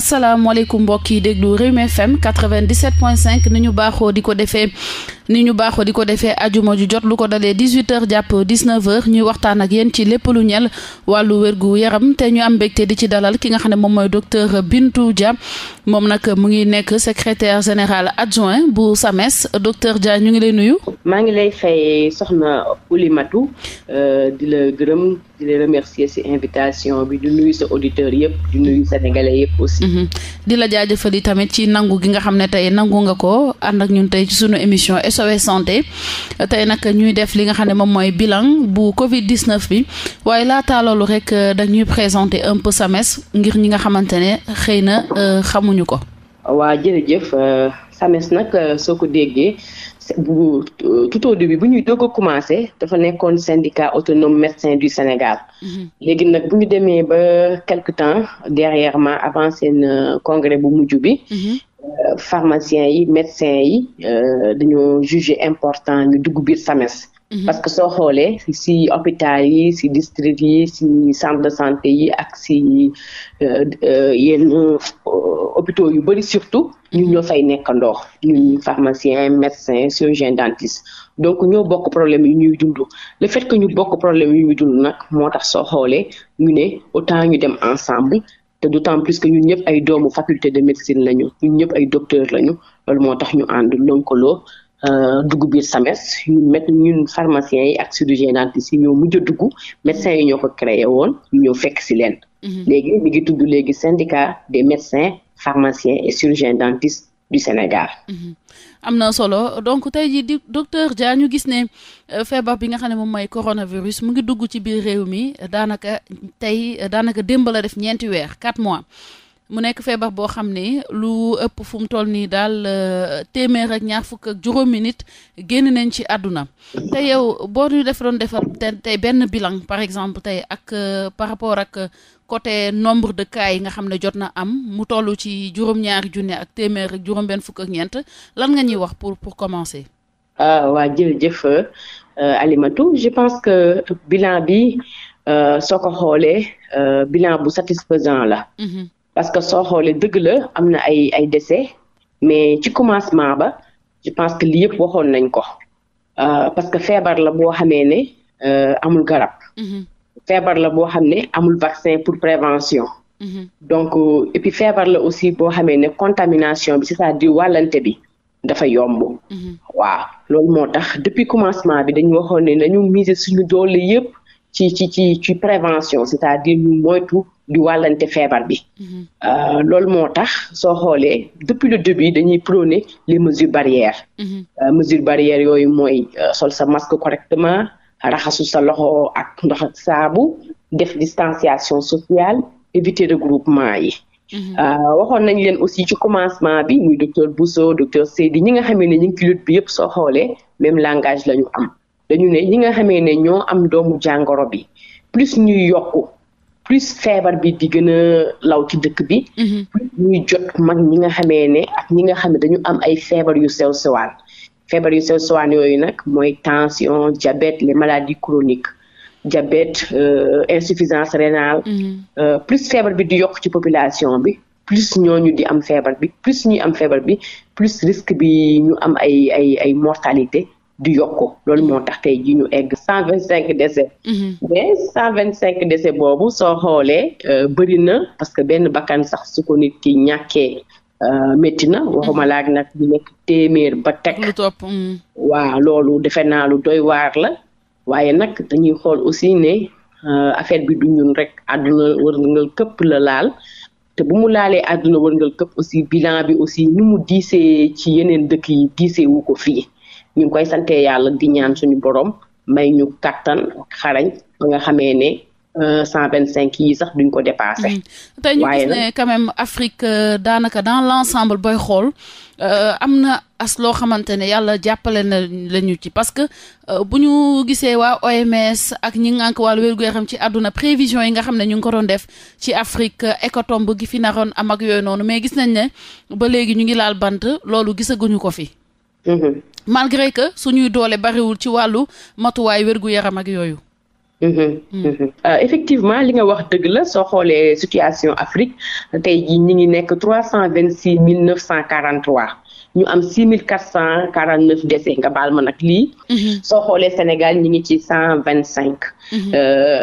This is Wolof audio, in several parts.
asalaamaaleykum mbokk yi déglu Rewmi FM 97.5 ni ñu baaxoo di ko defee ni ñu baaxoo di ko defee ajuma ju jot lu ko dalee dix-huit heures jàpp dix-neuf heures ñuy waxtaan ak yéen ci lépp lu ñel wàllu wérgu yaram te ñu am mbégte di ci dalal ki nga xam ne moom mooy docteur Bintou jàpp moom nag mu ngi nekk secretaire général adjoint bu SAMES docteur Dia ñu ngi lay nuyu. maa ngi lay fay soxna Oulimatou euh, di la gërëm di la remercier ci invitation bi di nuyu sa auditeurs yëpp di nuyu sénégalais yëpp aussi. Mm-hmm. di la jaajëfal tamit ci nangu gi nga xam ne tey nangu nga ko ànd ak ñun tey sunu émission Wassare santé tey nag ñuy def li nga xam ne moom mooy bilan bu Covid 19 bi waaye laataa loolu rek euh, dañuy présenter un peu SAMES ngir ñi nga xamante ne xëy na euh, xamuñu ko. waa jërëjëf euh, SAMES nag soo ko déggee. bu tout bu ñuy doog a commencé dafa nekkoon syndicat autonome médecin du Sénégal mhm. léegi nag bu ñu demee ba quelque temps derrière ma avant seen congrès bu mujj bi mhm. pharmaciens yi médecins yi euh, dañoo jugé important ñu dugg biir SAMES. Mhm. parce que soo xoolee si hôpital yi si district yi si centre de santé yi ak si euh, euh, yenn hôpitaux yu bëri surtout ñu mhm. ñoo fay nekkandoo ñun pharmacien médecin chirurgien dentiste donc ñoo bokk problème yu ñuy dund le fait que ñu bokk problème yi ñu dund nag moo tax soo xoolee ñu ne autant ñu dem ensemble te d'autant plus que ñun ñëpp ay doomu faculté de médecine lañu ñun ñëpp ay docteur lañu loolu moo tax ñu ànd lënkaloo euh, dugg biir SAMES met ñun pharmaciens yi ak chirurgien dentiste yi ñoo mujj a dugg médecins yi ñoo ko créé woon ñu ñëw fekk si leen. Mhm. léegi mi ngi tudd léegi syndicat des médecins pharmaciens et chirurgiens dentistes. du Sénégal. Mm-hmm. am na solo donc tey jii di docteur Dia ñu gis ne euh, feebar bi nga xam ne moom mooy coronavirus mu ngi dugg ci biir réew mi daanaka tey daanaka démb la def ñeenti weer quatre mois. mu nekk feebar boo xam ne lu ëpp fu mu toll nii daal euh, téeméer ak ñaar fukk ak juróomi nit génn nañ ci àdduna mm-hmm. te yow boo ñu def doon defal tey benn bilan par exemple tey ak euh, par rapport ak côté nombre de cas yi nga xam ne jot na am mu toll ci juróom-ñaari junne ak téeméer ak juróom-benn fukk ak ñeent lan nga ñuy wax pour pour commencer. ah waa jërëjëf euh, Alimatou je pense que bilan bi euh, soo ko xoolee euh, bilan bu satisfaisant la. Mhm. parce que soo xoolee dëgg la am na ay ay décès mais ci commencement ba je pense que li yëpp waxoon nañ ko parce que feebar la boo xamee ne amul garab. Mhm. feebar la boo xam ne amul vaccin pour prévention. Mhm. donc euh, et feebar la aussi boo xamee ne contamination bi c'est-à-dire wàllante bi dafa yomb. Mhm. waaw loolu moo tax depuis commencement bi dañu waxoon ne nañu miser suñu doole yépp ci ci ci ci prévention c'est-à-dire ñu moytu di wàllante feebar bi. Mhm. Euh, loolu moo tax soo xoolee depuis le début dañuy prôner les mesures barrières. Euh, mesures barrières yooyu mooy sol sa masque correctement. raxasu sa loxo ak ndox ak saabu def distanciation sociale éviter regroupement yi. Mhm. Euh, waxoon nañ leen aussi ci commencement bi muy docteur Bousso docteur Seydi ñi nga xamee ne ñu ngi ci lutte bi yëpp soo xoolee même langage la ñu am dañu ne ñi nga xamee ne ñoo am doomu jàngoro bi plus ñuy yokku plus feebar bi di gën a law ci dëkk bi. Mhm. ñuy jot mag ñi nga xamee ne ak ñi nga xam ne dañu am ay feebar yu sew sewaan feebar yu sew sawaan yooyu nag mooy tension diabète les maladies chroniques diabète euh, insuffisance rénale mm -hmm. euh, plus feebar bi di yokk ci population bi plus ñooñu di am feebar bi plus ñuy am feebar bi plus risque bi ñu am ay ay ay mortalité di yokk loolu moo tax tey ji ñu egg mm-hmm. cent vingt cinq décès boobu soo xoolee euh, bëri na parce que benn bakkan sax su ko nit ki ñàkkee Euh, métti na waxuma laaj nag bu nekk ba teg mm. waaw loolu defe naa lu doy waar la waaye nag dañuy xool aussi ne euh, affaire bi du ñun rek àdduna wërngal këpp la laal te bu mu laalee àdduna wërngal këpp aussi bilan bi aussi ni mu diisee ci yeneen dëkk yi diisee wu ko fii ñu ngi koy sante yàlla di ñaan suñu borom may ñu kàttan xarañ ba nga xamee ne Euh, cent vingt cinq yi sax duñ ko dépassé. Mm. tey ñu gis ne quand même Afrique euh, daanaka dans l' booy xool euh, am na as loo xamante ne yàlla jàppale na la ñu ci parce que bu ñu gisee waa OMS ak ñi ngànk wàllu wér gu yaram ci àdduna prévision yi nga xam ne ñu ngi ko doon def ci Afrique hécatombe gi fi naroon am ak yooyu noonu mais gis nañ ne ba léegi ñu ngi laal bant loolu gisaguñu ko fi. Mm-hmm. malgré que suñuy doole bariwul ci wàllu matuwaay wér gu yaram ak yooyu. Mhm. Hmm. Mhm. Euh, effectivement li nga wax dëgg la soo xoolee situation Afrique tey jii ñu ngi nekk trois cent vingt six mille neuf cent quarante trois ñu am six mille cent quarante neuf décès nga baal ma nag lii. Mhm. soo xoolee Sénégal ñu ngi ci cent vingt cinq. Euh,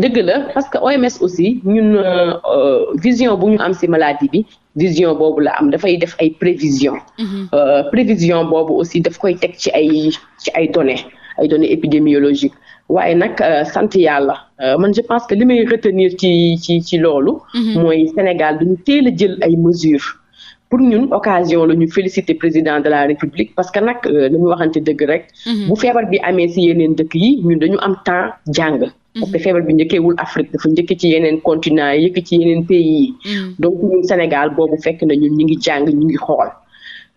dëgg la parce que OMS aussi ñun euh, euh, vision bu ñu am si maladie bi vision boobu la am dafay def ay prévision mm euh, prévision boobu aussi daf koy teg ci ay ci ay données ay données épidémiologiques waaye nag euh, sant yàlla euh, man je pense que li may retenir ci ci ci loolu. Mhm. mooy Sénégal duñu teel a jël ay mesures. pour ñun occasion la ñu féliciter président de la république parce que nag euh, li mu waxante dëgg rek. Mhm. bu feebar bi amee ci yeneen dëkk yi ñun dañu am temps jàng. Mhm. parce que feebar bi njëkkeewul Afrique dafa njëkk ci yeneen continent yëkk ci yeneen pays yi. donc ñun Sénégal boobu fekk na ñun ñi ngi jàng ñu ngi xool.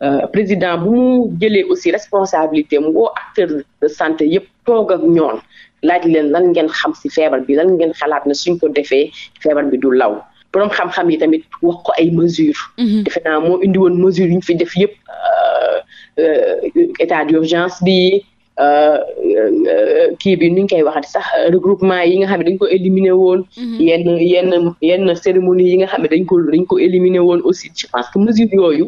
Euh, président bu mu jëlee aussi responsabilité mu woo acteur de santé yëpp toog ak ñoom laaj leen lan ngeen xam si feebar bi lan ngeen xalaat na si suñ ko defee feebar bi du law boroom xam-xam yi tamit wax ko ay mesures. Mhm. defe naa moo indi woon mesures yi ñu def yëpp euh, euh, état d'urgence bi kii bi ni ñu koy waxati sax regroupement yi nga xam ne dañ ko éliminer woon. Mhm. yenn yenn yenn cérémonie yi nga xam ne dañ ko dañ ko éliminer woon aussi je pense que yooyu.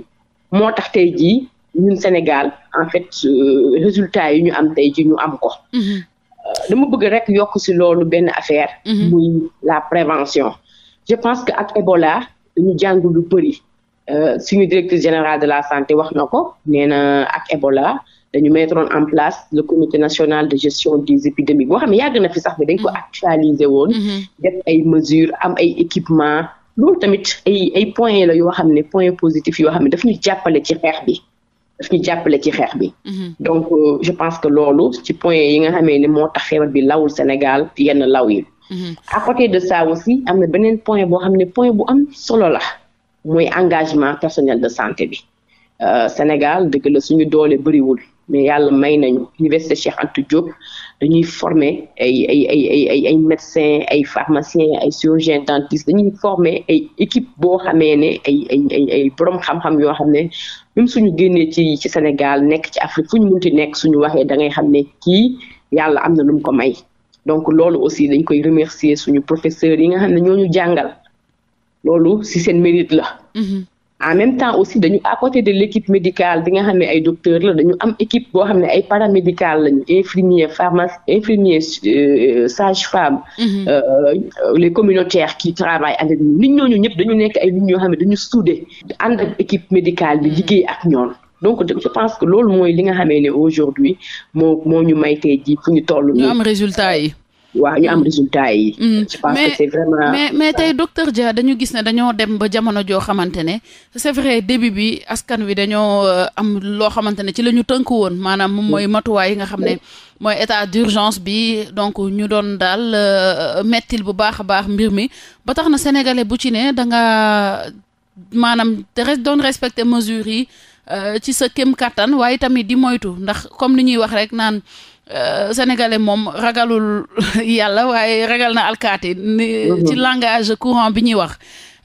moo tax tey jii ñun Sénégal en fait euh, résultat yi ñu am tey ji ñu am ko. Mm-hmm. Euh, dama bëgg rek yokku ci loolu benn affaire. Mm-hmm. muy la prévention. je pense que ak Ebola dañu jàng lu bëri euh, suñu directeur général de la santé wax na ko nee na ak Ebola dañu mettre en place le comité national de gestion des épidémies boo xam ne yàgg na fi sax bi dañ ko mm-hmm. actualiser woon. def ay mesures am ay équipement loolu tamit ay ay points la yoo xam ne point positif yoo xam ne daf ñu jàppale ci xeex bi daf ñu jàppale ci xeex bi. Mhm. donc euh, je pense que loolu ci point yi nga xamee ne moo tax xeebar bi lawul Sénégal yenn law yi. Mhm. à de ça aussi am na beneen point boo xam ne point bu am solo la mooy engagement personnel de santé bi euh, Sénégal dëgg la suñu doole bëriwul mais yàlla may nañu Université Cheikh Anta Diop ñuy former ay ay ay ay ay ay médecins ay pharmaciens ay chirurgiens dañuy former ay équipe boo xamee ne ay ay ay ay xam-xam yoo xam ne même suñu génnee ci ci Sénégal nekk ci Afrique fu ñu munti nekk suñu waxee da ngay xam ne kii yàlla am na lu ko may donc loolu aussi dañ koy remercier suñu professeurs yi nga xam ne ñoo ñu jàngal loolu si seen mérite la. Mm-hmm. en même temps aussi dañu à côté de l' équipe médicale bi nga xam ne ay docteur la dañu am équipe boo xam ne ay paramédical lañu infirmier pharmacie infirmier euh, sage femme mhm. euh, les communautaires qui travaillent avec ñun nit ñooñu ñëpp dañu nekk ay nit ñoo xam ne dañu soudé ànd ak équipe médicale bi mhm. liggéey ak ñoom donc je pense que loolu mooy li nga xamee ne aujourd'hui moo moo ñu may tey ji fu ñu toll ñu am résultat yi waaw ñu am résultat yi. Mm. je mais, mais tey docteur Dia dañu gis ne dañoo dem ba jamono joo xamante ne c'est vrai début bi askan wi dañoo euh, am loo xamante ne ci la ñu tënk woon maanaam moom mooy matuwaay yi nga xam ne mooy état d'urgence bi donc ñu doon daal euh, mettil bu baax a baax mbir mi ba tax na sénégalais bu ci ne da nga maanaam te doon respecter mesure yi euh, ci sa kem kàttan waaye tamit di moytu ndax comme li ñuy wax rek naan. Euh, sénégalais moom ragalul yàlla waaye ragal na alkaati ni mhm. ci langage courant bi ñuy wax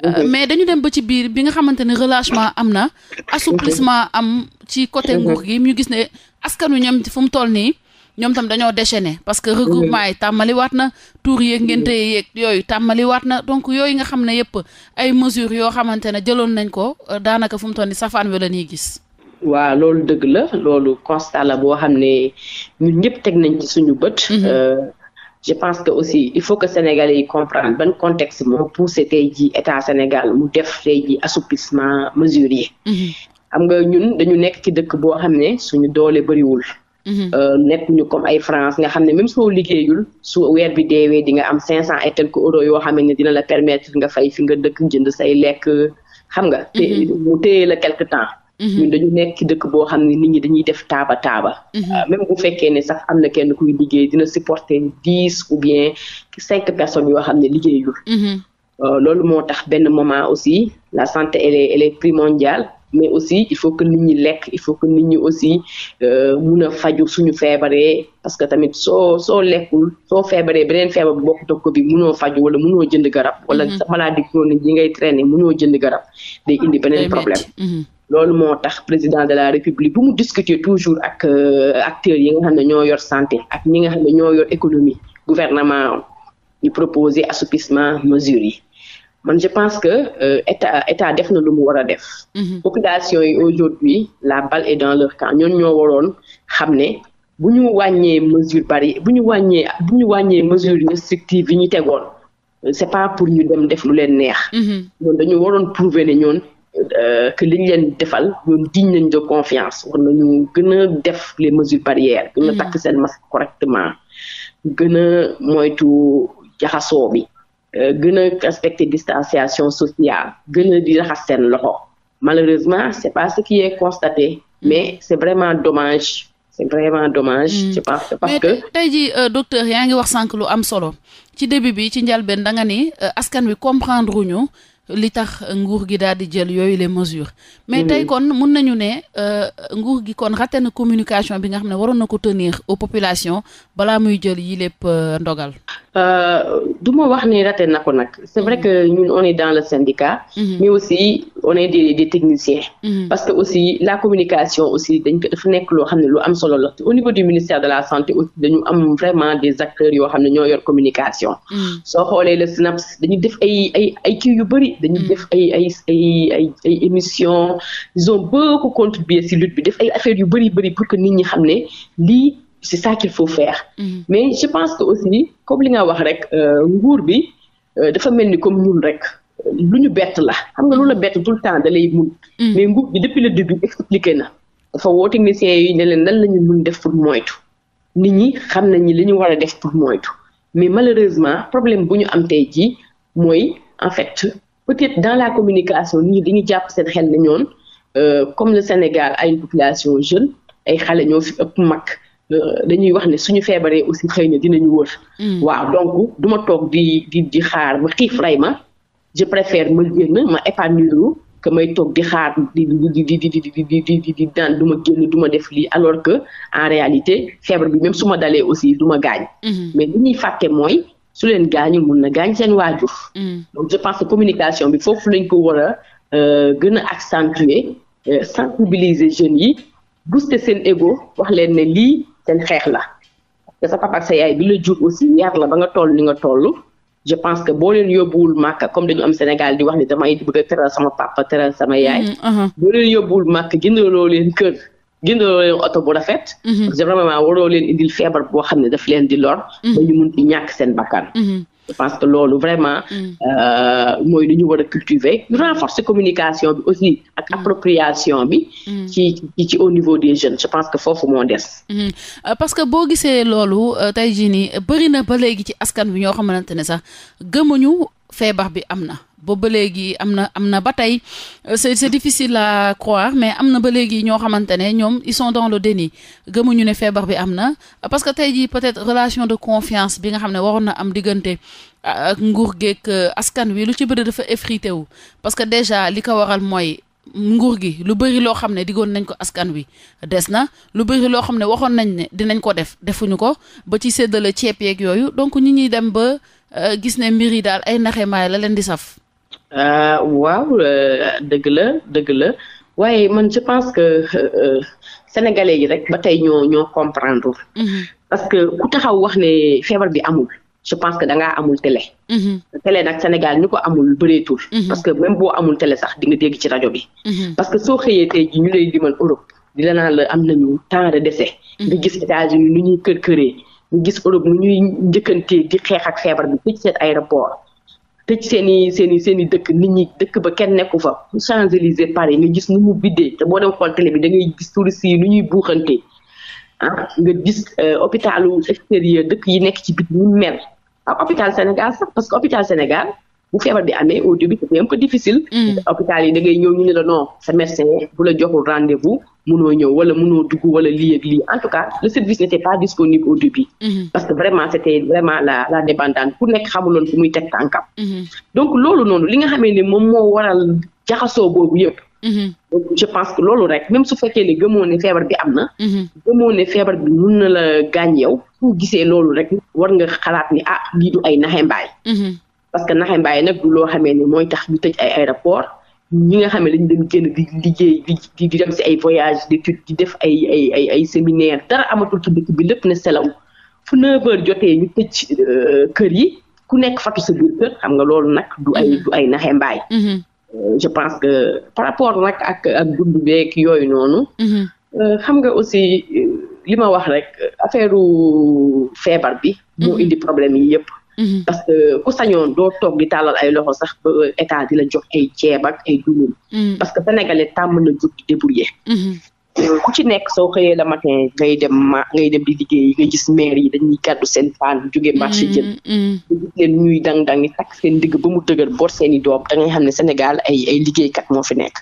euh, mhm. mais dañu dem ba ci biir bi nga xamante ne relâchement am na mhm. assouplissement am ci côté nguur gi mu gis ne askanu ñoom fu mu toll nii ñoom tam dañoo déchaîné parce que regroupement yi tàmmaliwaat na tour yeeg ngénte yeeg yooyu tàmmaliwaat na donc yooyu nga xam ne yëpp ay mesures yoo xamante ne jëloon nañ ko euh, daanaka fu mu toll ni safaan wi la ñuy gis waa loolu dëgg la loolu constat la boo xam ne ñun ñëpp teg nañ ci suñu bët. Mhm. Euh, je pense que aussi il faut que Sénégalais yi comprendre ban contexte moo poussé tey jii état Sénégal mu def tey jii assouplissement mesures yi. Mhm. xam nga ñun dañu nekk ci dëkk boo xam ne suñu doole bëriwul. Mhm. Euh, nekk ñu comme ay France nga xam ne même soo liggéeyul su weer bi deewee di nga am cinq cent et quelques euros yoo xam ne dina la permettre nga fay fi nga dëkk jënd say lekk xam nga. te mu téye la quelque temps. ñun mhm. dañu nekk dëkk boo xam ne nit ñi dañuy def taaba taaba. Mhm. Ah, même bu fekkee ne sax am na kenn kuy liggéey dina supporter dix ou bien cinq personnes yoo xam ne liggéeyul. Mhm. Euh, loolu moo tax benn moment aussi la santé elle est elle mais aussi il faut que nit ñi lekk il faut que nit ñi aussi euh, mun a faju suñu feebaree parce que tamit soo soo lekkul soo feebaree beneen feebar bu bokkut ak ko bi munoo faju wala munoo jënd garab. wala sa maladie chronique yi ngay traîner munoo jënd garab ah, indi beneen problème. loolu moo tax président de la république bu mu discuter toujours ak euh, acteurs yi nga xam ne ñoo yor santé ak ñi nga xam ne ñoo yor économie gouvernement ñu proposer assouplissement mesures yi man je pense que euh, état état def na lu mu war a def. Mm-hmm. population yi aujourd'hui la balle et dans leur camp ñoon ñoo waroon xam ne bu ñu wàññee mesure bari bu ñu wàññee bu ñu wàññee mesure restrictive yi ñu tegoon euh, c'est pas pour ñu dem def lu leen neex. Mm-hmm. ñoon dañu waroon prouver ne ñoon. Euh, que liñ leen defal ñoom diñ nañ de confiance war nañu gën a def les mesures barrières gën a mm-hmm. takk seen masque correctement gën a moytu jaxasoo bi euh, gën a respecter distanciation sociale gën di raxas seen loxo malheureusement c'est pas ce qui est constaté mm-hmm. mais c'est vraiment dommage c'est vraiment dommage. je pense parce que mais tey jii euh, docteur yaa ngi wax sànq lu am solo ci début bi ci njalbeen da nga ni askan wi comprendre ñu li tax nguur gi daal di jël yooyu les mesures mais mm. tey kon mun nañu ne euh, nguur gi kon raté na communication bi nga xam ne waroon na ko tenir aux population balaa muy jël yi lépp euh, ndogal euh, du ma wax ni rate na ko nag c'est vrai mm. que ñu on dans le syndicat mm-hmm. mais aussi on est des des techniciens mm-hmm. parce que aussi la communication aussi dañ ko nekk loo xam ne lu am solo la au niveau du ministère de la santé aussi dañu am vraiment des acteurs yoo xam ne ñoo yor communication mm. soo xoolee le SNAPS dañu def ay ay ay kii yu bëri dañu mm. def ay ay ay ay ay émissions ils ont beaucoup si lutte bi def ay affaire yu bëri bëri pour que nit ñi xam ne lii c'est ça qu'il faut faire. Mm. mais je pense que aussi comme li nga wax rek euh, nguur bi euh, dafa mel ni comme ñun rek. lu ñu bett la xam nga loolu la bett tout le temps da lay mun. Mm. mais nguur bi depuis le début expliqué na. dafa woo techniciens yi ne leen lan la ñu mun def pour moytu nit ñi xam nañ ñi li ñu war a def pour moytu mais malheureusement problème bu ñu am te jii mooy en fait peut-être dans la communication nii ñi dañuy jàpp seen xel ne ñoom euh, comme le Sénégal ay une population jeune ay xale ñoo fi ëpp mag euh, dañuy wax ne suñu feebaree aussi xëy na dinañu wër. Mm. waaw donc duma toog di di di xaar ba xiif ray ma je préfère ma génn ma épanouir que may toog di xaar di di di di di di di daan du ma génn du def lii alors que en réalité feebar bi même su ma dalee aussi du ma gaañ. Mm-hmm. mais li ñuy fàtte mooy. su leen gaañu mun na gaañ seen waajur. Mm. donc je pense que communication bi foofu lañ ko war a euh, gën a accentuer euh, sensibiliser jeunes yi booster seen égo wax leen ne lii seen xeex la sa papa ak sa yaay bi la jur aussi yar la ba nga toll ni nga toll. je pense que boo leen yóbbuwul màkk comme dañu am Sénégal di wax ni damay bëgg a teral sama papa teral sama yaay. Mm, uh-huh. boo leen yóbbuwul màkk gindaloo leen kër. gëndaloo leen oto bu rafet. Mhm. waroo leen indil feebar boo xam ne daf leen di lor. Mhm. ba ñu mun ci ñàkk seen bakkan. Mhm. je pense que loolu vraiment euh, mooy lu ñu war a cultiver renforcer bi aussi ak bi ci ci au niveau des jeunes je que foofu moo des euh, parce que boo gisee loolu euh, tey jii nii bëri na ba léegi ci askan bi ñoo xamante ne sax gëmuñu feebar bi am na boobu ba léegi am na am na ba tey euh, c'est c'est difficile à croire mais am na ba léegi ñoo xamante ne ñoom ils sont dans le déni gëmuñu ne feebar bi am na parce que tey jii peut-être relation de confiance bi nga xam ne waroon na am diggante nguur geeg euh, askan wi lu ci bëri dafa effrité wu parce que déjà li ko waral mooy nguur gi lu bëri loo xam ne diggoon nañ ko askan wi des na lu bëri loo xam ne waxoon nañ ne dinañ ko def defuñu ko ba ci séddale ceeb yeeg yooyu donc ñi ñuy dem ba euh, gis ne mbir yi daal ay naxe maay la leen di saf Euh, waaw euh, dëgg la dëgg la waaye man je pense que euh, sénégalais yi rek ba tey ñoo ñoo comprendre. Mhm. parce que ku taxaw wax ne feebar bi amul. je pense que da ngaa amul tele mhm. télé nag Sénégal ñu ko amul bëreetul. Mhm. parce que même boo amul tele sax di nga dégg ci rajo bi. parce que soo xëyee tey ji ñu lay dimal Europe di la naan la am nañu temps de décès. nga gis États-Unis nu ñuy kër këree. nga gis Europe nu ñuy njëkkantee di xeex ak feebar bi ci seen aéroport. tëj seen i seen seen i dëkk nit ñi dëkk ba kenn nekku fa Champs-Élysées Paris nga gis nu mu biddee te boo dee xool télé bi da gis touristes yi nu ñuy buuxante ah nga gis euh, hôpitalu extérieur dëkk yi nekk ci bit ñu mel ak ah, hôpital Sénégal sax parce que hôpital Sénégal bu feebar bi amee au début c'était un peu difficile mm. hôpital yi da ngay ñëw ñu ne la non sa médecin bu la joxul rendez-vous mënoo ñëw wala mënoo dugg wala lii ak lii en tout cas le service n'était pas disponible au début mhm. parce que vraiment c'était vraiment la la dépendance ku nekk xamuloon fu muy teg tànkam mhm. donc loolu noonu li nga xamee ne moom moo waral jaxasoo boobu yëpp mhm. donc je pense que loolu rek même su fekkee ne gëmoo ne feebar bi am na gëmoo ne feebar bi mun na la gaañ yow fu gisee loolu rek war nga xalaat ni ah lii du ay naxembaay parce que naxembaay nag du loo xamee ne mooy tax ñu ñi nga xam dañ dañu doon di liggéey di di dem si ay voyage d'étude di def ay ay ay ay séminaire dara amatul ci dëkk bi lépp na selaw fu 9h jotee ñu tëj euh, kër yi ku nekk fatu sa biir xam nga loolu nag du ay mm-hmm. du naxe mbaay mm-hmm. euh, je pense que par rapport nag ak ak dund beeg yooyu noonu mm-hmm. euh, xam nga aussi li ma wax rek affaire feebar bi moo indi problème yi yëpp Mhm. parce que ku sañoon doo toog di tàllal ay loxo sax ba euh, état di la jox ay ceeb ak ay dugub. Mhm. que sénégalais tàmm na jug mhm. euh, ci nekk soo xëyee la matin ngay dem ma ngay dem di liggéey yi dañuy gàddu seen paan jóge marché jën nga takk seen digg ba mu dëgër boot doom da ngay xam ne Sénégal ay ay liggéeykat moo fi nekk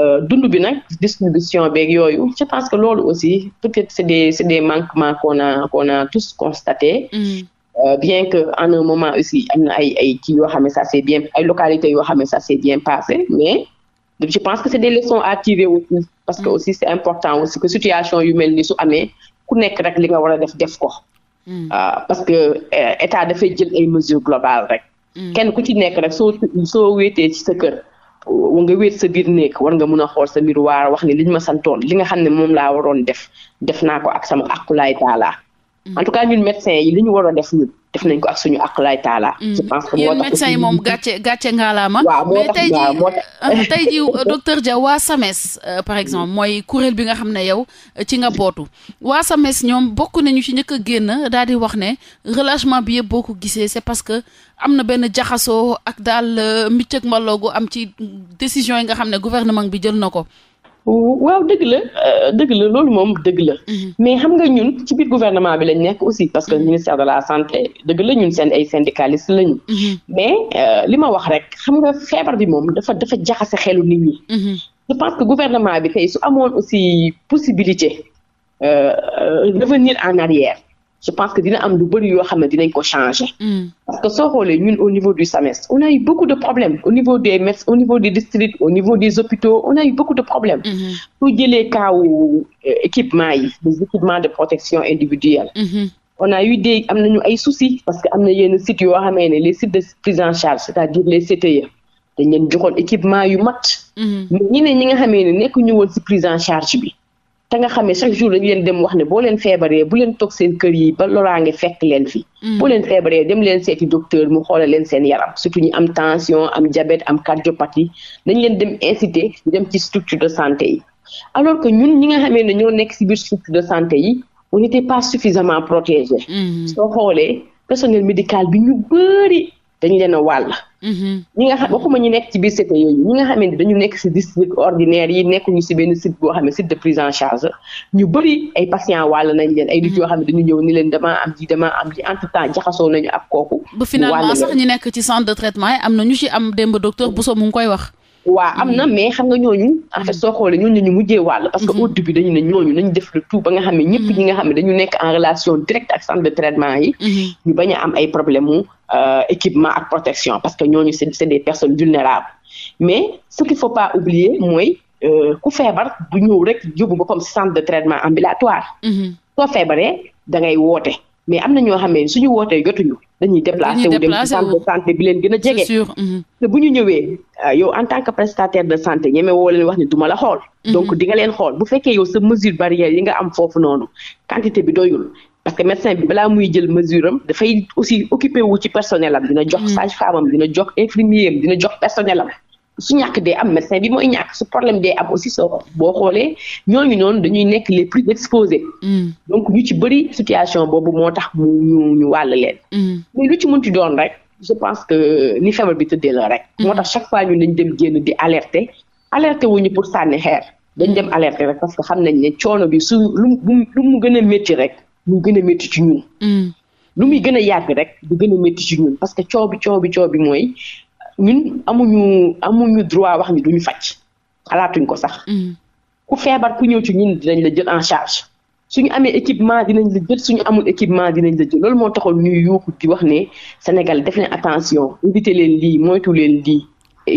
euh, dund bi nag distribution beeg yooyu je pense que loolu aussi peut-être c'est des a qu'on a tous constaté mm. Euh, bien que en un moment am na ay ay kii yoo xam ne ça s'est bien ay localité yo xam ne ça s'est bien passé mais je pense que c'est des leçons à tirer aussi parce que mm. aussi c'est important ko que situation yu mel ni su amee ku nekk rek li nga war a def def ko mm. euh, parce que euh, état dafay jël ay mesures globales rek mm. kenn ku ci nekk rek soo soo wéetee ci sa kër nga wéet sa biir néeg war nga mën a xool sa miroir wax ni liñ ma santoon li nga xam ne moom laa waroon def def naa ko ak sama akulaay taalaa Mm. en tout cas ñun médecin yi li ñu waroon def ñun def nañ ko ak suñu ak laay taala mm. je pense que médecin yi moom gàcce gàcce ngaalaama waaw moo tax tey ji moo euh, tey euh, docteur Dia waa SAMES euh, par exemple mooy kuréel bi nga xam ne yow ci nga bootu waa SAMES ñoom bokk nañu ci njëkk a génn daal di wax ne relâchement bi yëpp boo ko gisee c'est parce que am na benn jaxasoo ak daal mbiccëg mbaloogu am ci décision yi nga xam ne gouvernement bi jël na ko waaw dëgg la euh, dëgg la loolu moom dëgg la. Mhm. mais xam nga ñun ci biir gouvernement bi lañ nekk aussi parce que mhm. ministère de la santé dëgg la ñun seen ay syndicalistes lañu. Mhm. mais euh, li ma wax rek xam nga feebar bi moom dafa dafa jaxase xelu nit ñi. je pense que gouvernement bi tey su amoon aussi possibilité euh, revenir en arrière. je pense que dina am lu bëri yoo xam ne dinañ ko changer. Mm. parce que soo xoolee ñun au niveau du SAMES on a eu beaucoup de problèmes au niveau des MES au niveau des districts au niveau des hôpitaux on a eu beaucoup de problèmes. Mm-hmm. su jëlee kaawu euh, équipement yi des équipements de protection individuelle. Mmh. na a eu des am nañu ay soucis parce que am na yenn sites yoo xamee ne les sites de prise en charge c'est-à-dire les CTE dañ leen joxoon équipement yu mat. Mm-hmm. mais ñi nga xamee ne nekk ñu woon ci prise en bi. te nga xamee chaque jour dañu leen dem wax ne boo leen feebaree bu leen toog seen kër yi ba loraange fekk leen fi. Mm. boo leen feebaree dem leen seeti docteur mu xoolal leen seen yaram surtout ñu am tension am diabète am cardiopathie dañ leen dem inciter dem ci structure de santé yi alors que ñun ñi nga xamee ne ñoo nekk ci biir structure de santé yi on n'était pas suffisamment protégé. Mm. soo xoolee personnel médical bi ñu bëri. dañ leen a wàll. Mm-hmm. ñi nga xam waxuma ñu nekk ci biir cité yooyu ñi nga xamante dañu nekk ci district ordinaire yi nekkuñu si benn site boo xam ne site de prise en charge ñu bëri ay patient wàll nañ leen ay nit yoo mm-hmm. xam ne dañu ñëw ni leen damaa am ji damaa am ji entre temps jaxasoo nañu ak kooku. bu finalement sax ñu nekk ci centre de traitement yi am na ñu ci am démb docteur Bousso mu ngi koy wax. waa am na mm-hmm. mais xam nga ñooñu en fait mm-hmm. soo xoolee ñooñu ñu mujjee wàll parce que mm-hmm. au début dañu def le tout ba nga xam ne ñi nga xam dañu nekk en relation directe ak centre de traitement yi ñu bañ a am ay problème mu euh, équipement ak protection parce que ñooñu c'est c'est des personnes vulnérables mais ce qu'il faut pas oublier mooy euh, ku feebar du ñëw rek yóbbu boppam si centre de traitement ambulatoire soo feebaree da ngay woote mais am na ñoo xam ne suñu wootee jotuñu dañuy déplacé wu dem ci centre de santé bi leen gën a jege mhm. te bu ñu ñëwee euh, yow en tant que prestataire de santé ñeme woo leen wax ni duma la xool mhm. donc di leen xool bu fekkee yow sa mesure barrière yi nga am foofu noonu quantité bi doyul parce que médecin bi balaa muy jël mesure dafay aussi occupé wu ci personnel am dina jox mhm. sage-femme dina jox infirmier am dina jox personnel am su ñàkk dee am médecin bi mooy ñàkk su problème dee am aussi soo boo xoolee ñooñu noonu dañuy nekk les plus exposés. Mm. donc ñu ci bëri situation boobu moo tax mu ñu ñu wàll leen. Mm. mais lu ci mënti doon rek je pense que ni feebar bi tëddee la rek. Mm. moo tax chaque fois ñu dañ dem génn di alerter alerter wuñu pour sànni xeer dañ dem alerter rek parce xam nañ ne coono bi su lu lu mu gën a métti rek mu gën a métti ci ñun. lu muy gën a yàgg rek bu gën a métti ci ñun parce que coow bi coow bi coow bi mooy ñun amuñu amuñu droit wax ni duñu faj xalaatuñ ko sax. Mm. ku feebar ku ñëw ci ñun dinañ la jël en charge suñu amee équipement dinañ la jël suñu amul équipement dinañ la loolu moo taxoon ñuy yuuxu di wax ni Sénégal def attention invité leen lii moytu leen lii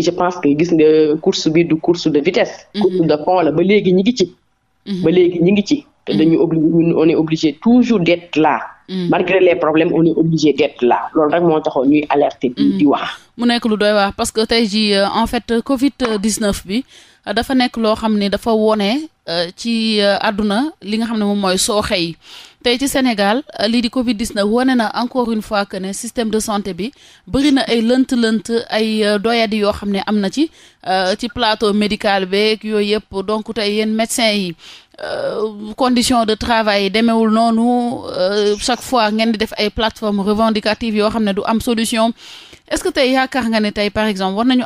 je pense que gis nga course bi du course de vitesse. Mm-hmm. course de fond la ba léegi ñu ngi ci. Mm-hmm. ba léegi ñu ngi ci. te mm-hmm. dañu obligé ñun on est obligé toujours d'être là. Mmh. malgré les problèmes on obligé d'être là loolu rek moo taxoon ñuy alerter. di mm. wax. mu nekk lu doy wax parce que tey jii euh, en fait Covid 19 bi euh, dafa nekk loo xam ne dafa wone euh, ci àdduna li nga xam ne moom mooy sooxe yi tey ci Sénégal lii di Covid 19 wane na encore une fois que ne système de santé bi bëri na ay lënt-lënt ay doyadi yoo xam ne am na ci ci plateau médical beeg yooyu yëpp donc tey yéen médecins yi. Euh, condition de travail demeewul noonu euh, chaque fois ngeen di def ay plateformes revendicatives yoo xam ne du am solution est-ce que tey yaakaar nga ne tey par exemple war nañu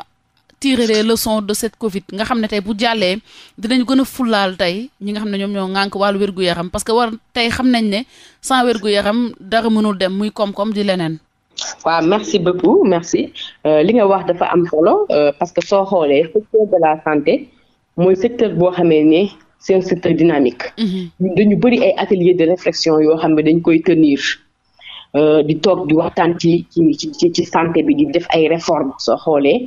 tirer les leçons de cette Covid nga xam ne tey bu jàllee dinañ gën a fulaal tey ñi nga xam ne ñoom ñoo ŋànk wàllu wér-gu-yaram parce que war tey xam nañ ne sans wér-gu-yaram dara mënul dem muy koom-koom di leneen. waaw merci beaucoup merci euh, li nga wax dafa am solo parce que soo xoolee secteur de la c'est un secteur dynamique. Mhm. ñun dañu bëri ay atelier de réflexion yoo xam ne dañ koy tenir euh, di toog di waxtaan ci ci ci santé bi di def ay réformes soo xoolee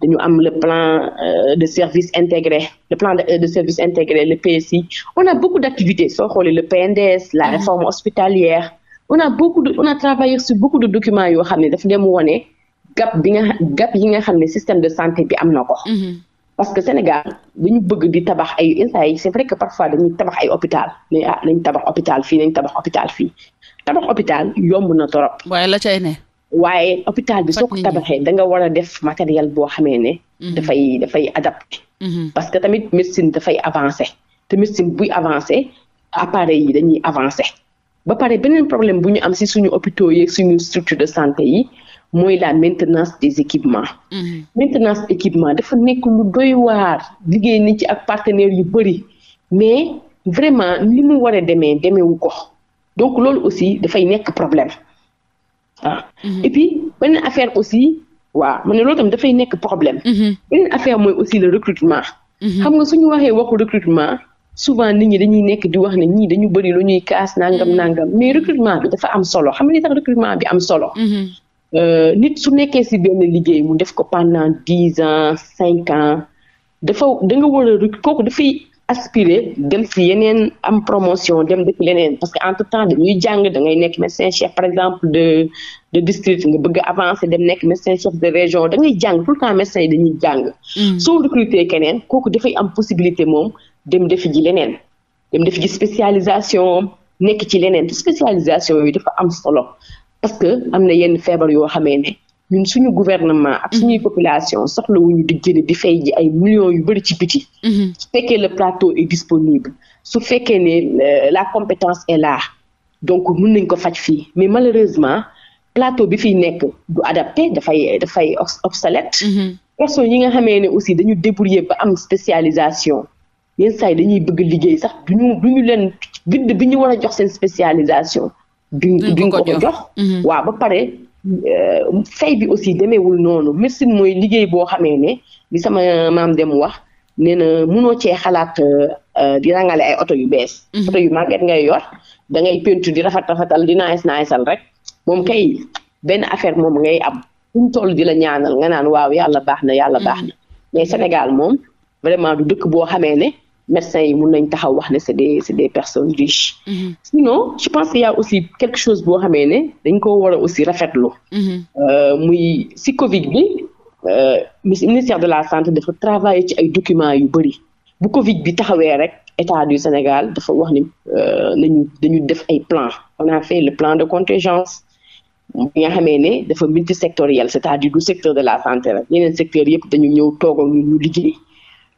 dañu am le plan euh, de service intégré le plan de service intégré le PSI on a beaucoup d'activités soo xoolee le PNDS la mhm. réforme hospitalière on a beaucoup de on a travaillé sur beaucoup de documents yoo xam ne daf dem wone gap bi nga gap yi nga xam ne système de santé bi am na ko. Mhm. parce que Sénégal dañu bëgg di tabax ay instant yi c'est vrai que parfois dañuy tabax ay hôpital mais ah nañ tabax hôpital fi nañ tabax hôpital fii tabax hôpital yomb na torop waaye la cay waaye hôpital bi soo ko tabaxee da nga war a def matériel boo xamee ne. Mhm. dafay dafay adapté. Mhm. parce que tamit médecine dafay avancé te médecine buy avancé appareil yi dañuy avancé ba pare beneen problème bu ñu am si suñu hôpitaux yeeg suñu structure de santé yi. mooy la maintenance des équipements. Mmh. maintenance équipement dafa nekk lu doy waar liggéey ni ci ak partenaires yu bëri mais vraiment ni mu war a demee demeewu ko donc loolu aussi dafay nekk problème ah. Mmh. et aussi waaw ne loolu tam dafay nekk problème. Mhm. beneen mooy aussi le recrutement. Mhm. xam nga suñu waxee waxu recrutement. souvent nit ñi dañuy nekk di wax ne ñii dañu bëri lu ñuy kaas nangam mhm. nangam mais recrutement bi dafa am solo xam nga li tax recrutement bi am solo. Euh, nit su nekkee ci benn liggéey mu def ko pendant dix ans cinq ans dafa da nga war a kooku dafay aspirer dem ci yeneen am promotion dem def leneen parce que entre temps jàng da ngay nekk médecin chef par exemple de de district bëgg a dem nekk médecin chef de région da ngay jàng tout le dañuy jàng. Mm. soo recruter keneen kooku dafay am possibilité moom dem defi ji leneen dem defi ji spécialisation nekk ci leneen te spécialisation yooyu dafa am solo parce que am na yenn feebar yoo xamee ne ñun suñu gouvernement ak suñuy mhm. population soxlawuñu di génne di fay ji ay millions yu bëri ci biti mhm. su fekkee le plateau est disponible su fekkee ne euh, la compétence est la donc mun nañ ko faj fii mais malheureusement plateau bi fiy nekk du adapté dafay dafay obsolète mhm. personnes yi nga xamee ne aussi dañu débrouiller ba am spécialisation yenn saa dañuy bëgg liggéey sax duñu ñu leen bidd bi ñu war a jox seen spécialisation duñ duñ ko ko jox mhm. waaw ba pare euh, fay bi aussi demeewul noonu médecine mooy liggéey boo xamee ne di sama maam dem wax nee na mënoo cee xalaat euh, euh, di rangale ay oto yu bees mhm. oto yu màgget ngay yor da ngay peinture di rafet rafetal di na naes naesal rek moom kay benn affaire moom ngay am fuñ toll di la ñaanal nga naan waaw yàlla baax na yàlla baax na mhm. mais Sénégal moom vraiment du dëkk boo xamee ne médecins yi mun nañ taxaw wax ne c'est des c'est des personnes riches. Mmh. sinon je pense qu'il y aussi quelque chose boo xamee ne dañ ko war a aussi rafetlu. Mhm. Euh, muy si Covid bi euh, ministère de la santé dafa travailler ci ay documents yu bëri bu Covid bi taxawee rek. état du Sénégal dafa wax ni euh, nañu dañu def ay plans on a fait le plan de contingence bi nga xamee ne dafa multisectoriel c'est-à-dire du secteur de la santé rek yeneen secteurs yëpp dañu ñëw toog ak ñu liggéey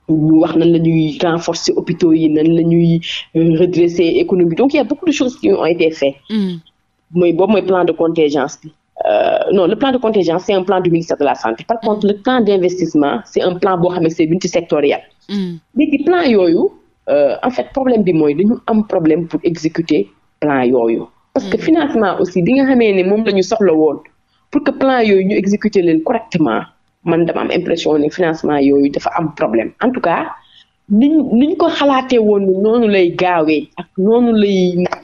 wax nan la ñuy renforcer hôpitaux yi nan la ñuy redresser économie donc il y a beaucoup de choses qui mooy boobu mooy plan de contingence bi. Euh, non le plan de contingence c'est un plan du ministère de la santé par contre le plan d'investissement c'est un plan boo xam ne c'est multisectoriel. léegi hmm. plan yooyu euh, en fait problème bi mooy dañu am problème pour exécuter plan yooyu. parce que hmm. financement aussi bi nga xamee ne moom la ñu soxla woon pour que plan yooyu ñu exécuter leen correctement. man dama am impression ne financement yooyu dafa am problème en tout cas niñ niñ ko xalaatee woon noonu lay gaawee ak noonu lay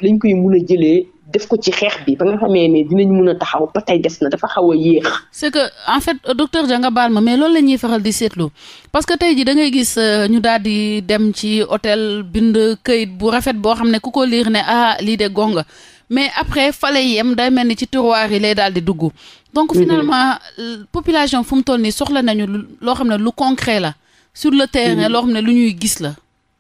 lañ koy mun a jëlee def ko ci xeex bi ba nga xamee ne dinañ mun a taxaw ba tey des na dafa xaw a yéex. c'est que en fait docteur Dia nga baal ma mais loolu la ñuy faral di seetlu parce que tey ji da ngay gis euh, ñu daal di dem ci hôtel bind këyit bu rafet boo xam ne ku ko liir ne ah lii de gonga mais après fale yem day mel ni ci tiroir yi lay daal di dugg donc mhm. finalement euh, population fu mu toll nii soxla nañu loo xam ne lu concret la sur le terrain mhm. loo xam ne lu ñuy gis la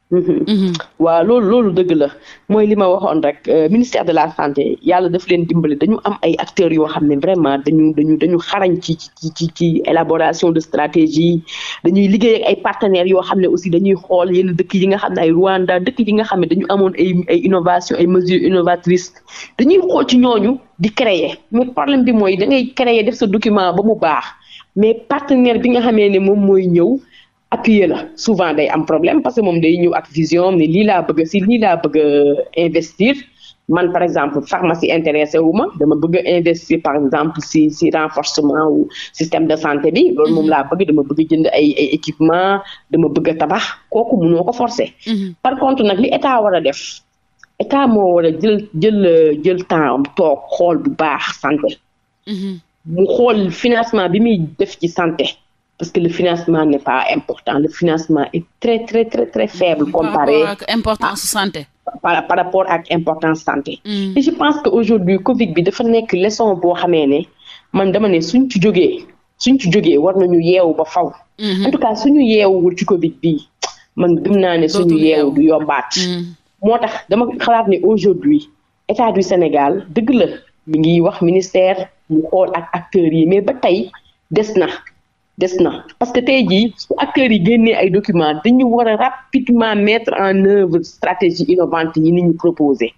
Mhm. Mhm. waaw loolu loolu dëgg la mooy li ma waxoon rek euh, ministère de la santé yàlla daf leen dimbali dañu am ay acteurs yoo xam ne vraiment dañu dañu dañu xarañ ci ci ci ci élaboration de stratégie dañuy liggéey ay partenaires yoo xam ne aussi dañuy xool yenn dëkk yi nga xam ne ay Rwanda dëkk yi nga xam ne dañu amoon ay ay innovation ay mesures innovatrices dañuy xool ci ñooñu di créer mais problème bi mooy da ngay créer def sa document ba mu baax mais partenaire bi nga xamee ne moom mooy ñëw appuyer la souvent day am problème parce que moom day ñëw ak vision ne lii laa bëgg si lii laa bëgg investir man par exemple pharmacie intéressé wu ma dama bëgg investir par exemple si si renforcement wu système de santé bi moom mm-hmm. laa bëgg dama bëgg jënd ay ay équipement dama bëgg a tabax kooku mënoo ko forcer. Mm-hmm. par contre nag li état war a def état moo war a jël jël jël temps am toog xool bu baax santé. Mm-hmm. mu xool financement bi muy def ci santé. parce que le financement n'est pas important. Le financement est très, très, très, très faible comparé. Par rapport à l'importance santé. Par, par rapport ak importance santé. Mm. je pense que aujourd'hui Covid bi dafa nekk leçon boo xamee ne man dama ne suñ ci jógee suñ ci jógee war nañu yeewu ba faw. Mm-hmm. en tout cas suñu yeewuwul ci Covid bi man gëm naa ne suñu yeewu du yombaat. Mm. moo tax dama xalaat ne aujourd'hui état du Sénégal dëgg la mi ngi wax ministère mu xool ak acteurs yi mais ba tey des na. des na parce que tey jii su acteurs yi génnee ay documents dañu war a rapidement mettre en œuvre stratégie innovante yi ni ñu proposé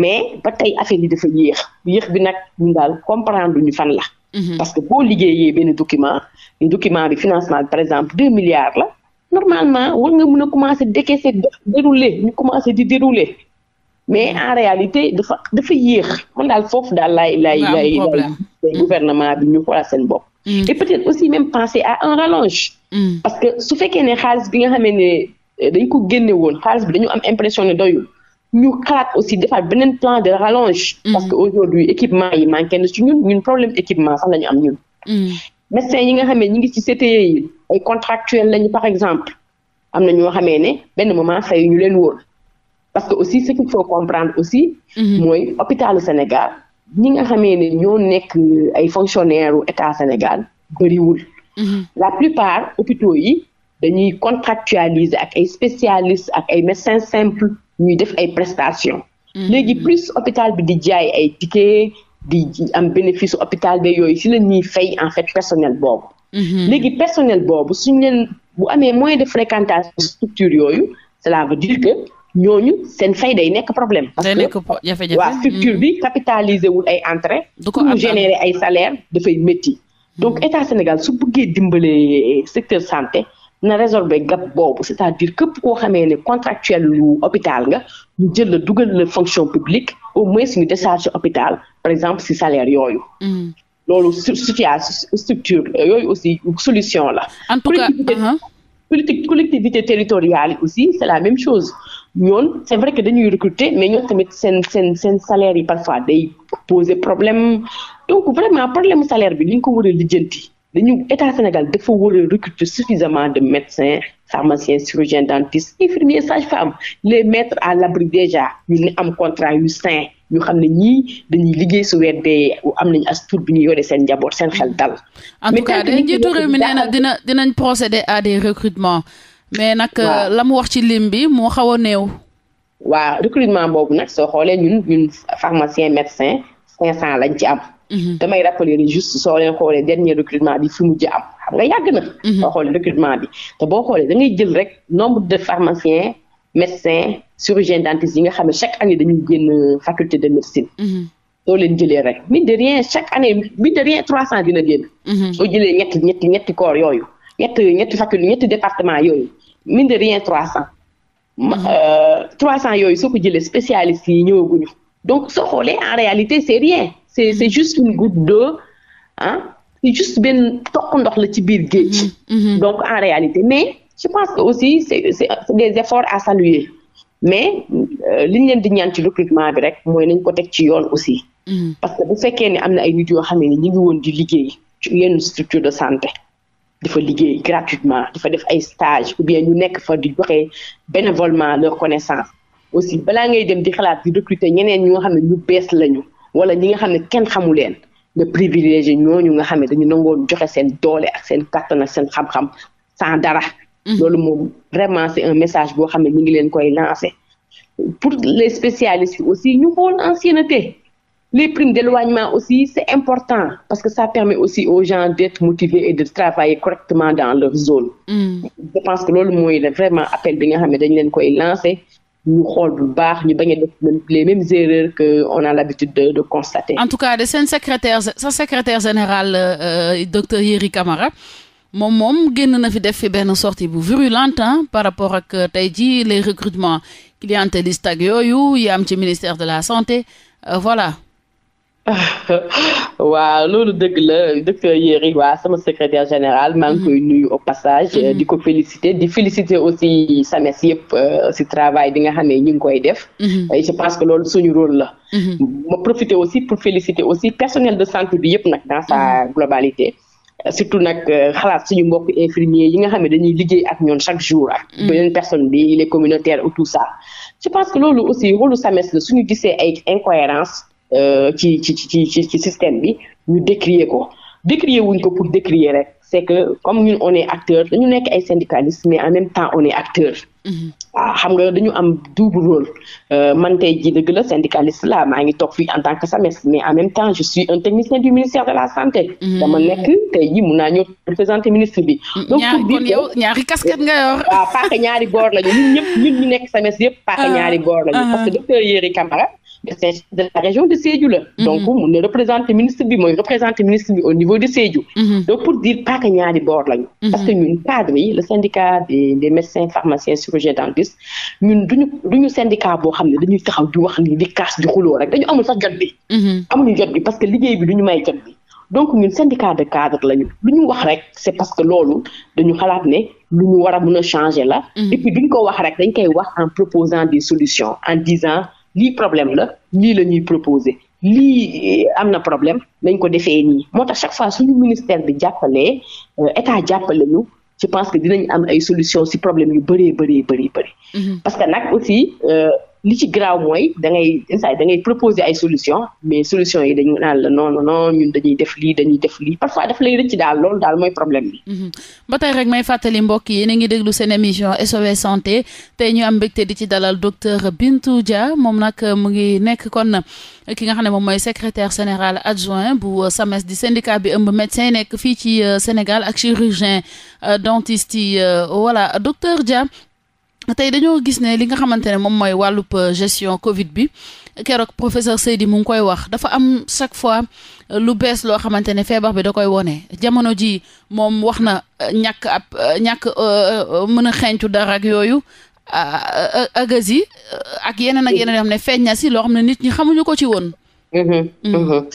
mais ba tey affaire yi dafa yéex yéex bi nag ñu daal comprendre ñu fan la. Mhm. parce que boo liggéeyee benn document ni document bi financement bi par exemple deux milliards la normalement war nga mun a commencer décaisser dérouler ñu commencer di dérouler mais en réalité dafa dafa yéex man daal foofu daal laay laay laay gouvernement bi ñu xoolal seen bopp. et peut-être aussi même penser à un rallonge. Mm. parce que su fekkee ne xaalis bi nga xamee ne eh, dañ ko génne woon xaalis bi dañu am impression ne doyul ñu xalaat aussi defaat beneen plan de rallonge. Mm. parce que aujourd'hui équipement yi manqué na si ñun ñun problème équipement sax lañu am ñun. Mm. médecins yi nga xamee ñu ngi ci CTE yi ay lañu par exemple am na ñoo xamee ne benn moment fay ñu leen woon parce que aussi ce qu'il faut comprendre aussi. Mm-hmm. mooy hôpitalu Sénégal. ñi nga xamee ne ñoo nekk ay fonctionnaires u état Sénégal bëriwul. Mhm. la plupart hôpitaux yi dañuy contractualisé ak ay spécialistes ak ay médecins simples ñuy def ay prestation mhm. léegi plus hôpital bi di jaay ay ticket di am bénéfice hôpital ba yooyu si la ñuy fay en fait personnel boobu. Mhm. léegi personnel boobu suñ leen bu amee moyen de fréquentation structure yooyu cela veut dire que. ñooñu seen fay day nekk problème. parce que waa structure bi mm. capitaliser wul ay entrées. du ko am générer ay salaire dafay métti. donc mm. état Sénégal su bëggee dimbale secteur santé na résorber gap boobu c'est-à-dire képp koo xamee ne contractuel lu hôpital nga ñu jël la dugal la fonction publique au moins ñu décharge hôpital par exemple si salaire yooyu. Mm. loolu situation structure yooyu aussi solution la. en tout uh-huh. collectivité territoriale aussi c'est la même chose. ñoon c'est vrai que dañuy recruter mais ñoom tamit seen seen seen salaire yi parfois day poser problème donc vraiment problème salaire bi li ñu ko war a lijjanti dañu état Sénégal dafa war a recruter suffisamment de médecins pharmaciens chirurgiens dentistes infirmiers sages-femmes les mettre à l'abri déjà ñu ne am contrat yu sain ñu xam ne ñii dañuy liggéey su weer dee am nañu as tuut bi ñu yore seen njaboot seen xel dal. en tout cas njiitu réew mi nee na dina mais nag euh, la mu wax ci lim bi moo xaw a néew. waaw recrutement boobu nag soo xoolee ñun ñun pharmacien médecin cinq cent lañ ci am. Mhm. damay rappeler ni juste soo leen xoolee dernier recrutement bi fi mujj am xam nga yàgg na. Mhm. soo xoolee recrutement bi te boo xoolee da ngay jël rek nombre de pharmaciens médecins chirurgiens dentistes yi nga xam ne chaque année dañu génn euh, faculté de médecine. Mhm. soo leen jëlee rek mine de rien chaque année mine de rien trois cent dina génn. soo jëlee ñetti ñetti ñetti corps yooyu ñetti yooyu. mine de rien trois cent mhm. euh, trois cent yooyu soo ko jëlee spécialistes yi ñëwaguñu donc soo xoolee en réalité c'est rien c'est c'est juste une goutte juste benn toq ndox la ci biir géej mhm. Mhm. donc en réalité mais je pense que aussi c'est c'est des efforts à saluer mais euh, li ñu leen di ñaan ci recrutement bi rek mooy nañ ko teg ci yoon aussi parce que bu fekkee ne am na ay nit yoo xam ne ñu ngi woon di liggéey ci yenn structure de santé di fa liggéey gratuitement di fa def ay stage ou bien ñu nekk fa di joxe bénévolement leur connaissance aussi balaa ngay dem di xalaat di recruter ñeneen ñi nga xam ne ñu bees lañu wala ñi nga xam ne xamu leen nga privilégié ñooñu nga xam ne dañu nangoon joxe seen doole ak seen kàttan ak seen xam-xam sans dara. Mm. loolu moom vraiment c'est un message boo xam ne ñu ngi leen koy lancer. pour les spécialistes aussi ñu xool ancienneté les primes d'éloignement aussi c'est important parce que ça permet aussi aux gens d'être motivés et de travailler correctement dans leur zone. Mm. je pense que loolu mooy vraiment appel bi nga xam ne dañ leen koy lancer. ñu xool bu baax ñu bañ a def les mêmes erreurs que on a l'habitude de constater. en tout cas de seen secrétaire général euh, docteur Yeri Camara moom moom génn na fi def fi benn sortie bu virulente par rapport ak euh, tey jii les recrutements clientélistes ak yooyu yi ci ministère de la santé euh, voilà. waaw loolu dëgg la docteur Yeri waa sama secrétaire général maa ngi mhm. koy nuyu au passage euh, di mhm. ko féliciter di féliciter aussi SAMES yëpp si euh, travail bi nga xam ne ñu ngi koy def mhm. je pense que loolu suñu rôle la ma profiter aussi pour féliciter aussi personnel de santé bi yëpp nag dans globalité surtout nag euh, xalaat suñu mbokk infirmier yi nga xam ne dañuy liggéey ak ñoom chaque jour ak beneen personne bi les communautaires ou tout ça je pense que loolu aussi rôle SAMES la suñu gisee ay incohérence Euh, ci ci ci ci ci système bi ñu décrier ko décrier wuñ ko pour décrier rek c'est que comme ñun on est acteur dañu nekk ay syndicalistes mais en même temps on est acteur waaw mhm. ah, xam nga dañu am double rôle euh, man tey jii dëgg la syndicaliste la maa ngi toog fii en tant que SAMES mais en même temps je suis un technicien du ministère de la santé mhm. dama nekk tey jii mun naa ñu représenter ministre bi mm, donc pour dire ñaari casquette nga yor ñaari boor lañu ñun ñëpp ñun ñu nekk SAMES yëpp paaka ah. ñaari boor lañu ah. parce que docteur Yéri Camara c'est de la région de Sédhiou la. Mhm. donc mu ne représenté ministre bi mooy représenté ministre bi au niveau de Sédhiou. Mhm. donc pour dire pas ñaari boor lañu. Mhm. parce que ñun cadre yi le syndicat des médecins pharmaciens chirurgiens dentistes ñun duñu duñu syndicat boo xam ne dañuy taxaw di wax ni di kaas di xuloo rek dañu amul sax jot bi. amuñu jot parce que liggéey bi duñu may jot donc ñun syndicat de cadre lañu lu ñu wax rek c'est parce que loolu dañu xalaat ne lu ñu war a a lii problème la lii la ñuy proposé lii eh, am na problème nañ ko defee nii moo tax chaque fois suñu ministère bi jàppalee euh, état jàppale ñu je pense que dinañ am ay solution si problème yu bëree bëree bëri bëri mm-hmm. parce que nag aussi euh, li ci garaaw mooy da ngay da ngay proposer ay solution mais solution yi dañu naan la non non ñun dañuy def lii dañuy def lii parfois daf lay rëcc daal lool daal mooy problème bi. Mhm. ba tey rek may fàttali mbokk yi yéen a ngi déglu seen émission SOS santé tey ñu am mbégte di ci dalal docteur Bintou Dia moom nag euh, mu ngi nekk kon euh, ki nga xam ne moom mooy secrétaire général adjoint bu euh, SAMES di syndicat bi ëmb médecin nekk fii ci Sénégal ak chirurgien dentiste yi voilà docteur Dia. tey dañoo gis ne li nga xamante ne moom mooy wàllub euh, gestion Covid bi keroog professeur Seydi mu ngi koy wax dafa am chaque fois euh, lu bees loo xamante ne feebar bi da koy wone jamono ji moom wax na euh, ñàkk ab ñàkk mën a xeeñcu dara ak yooyu agas yi ak yeneen ak yeneen yoo ne feeñ na si loo xam ne nit ñi xamuñu ko ci woon mm-hmm. Mm. Mm-hmm.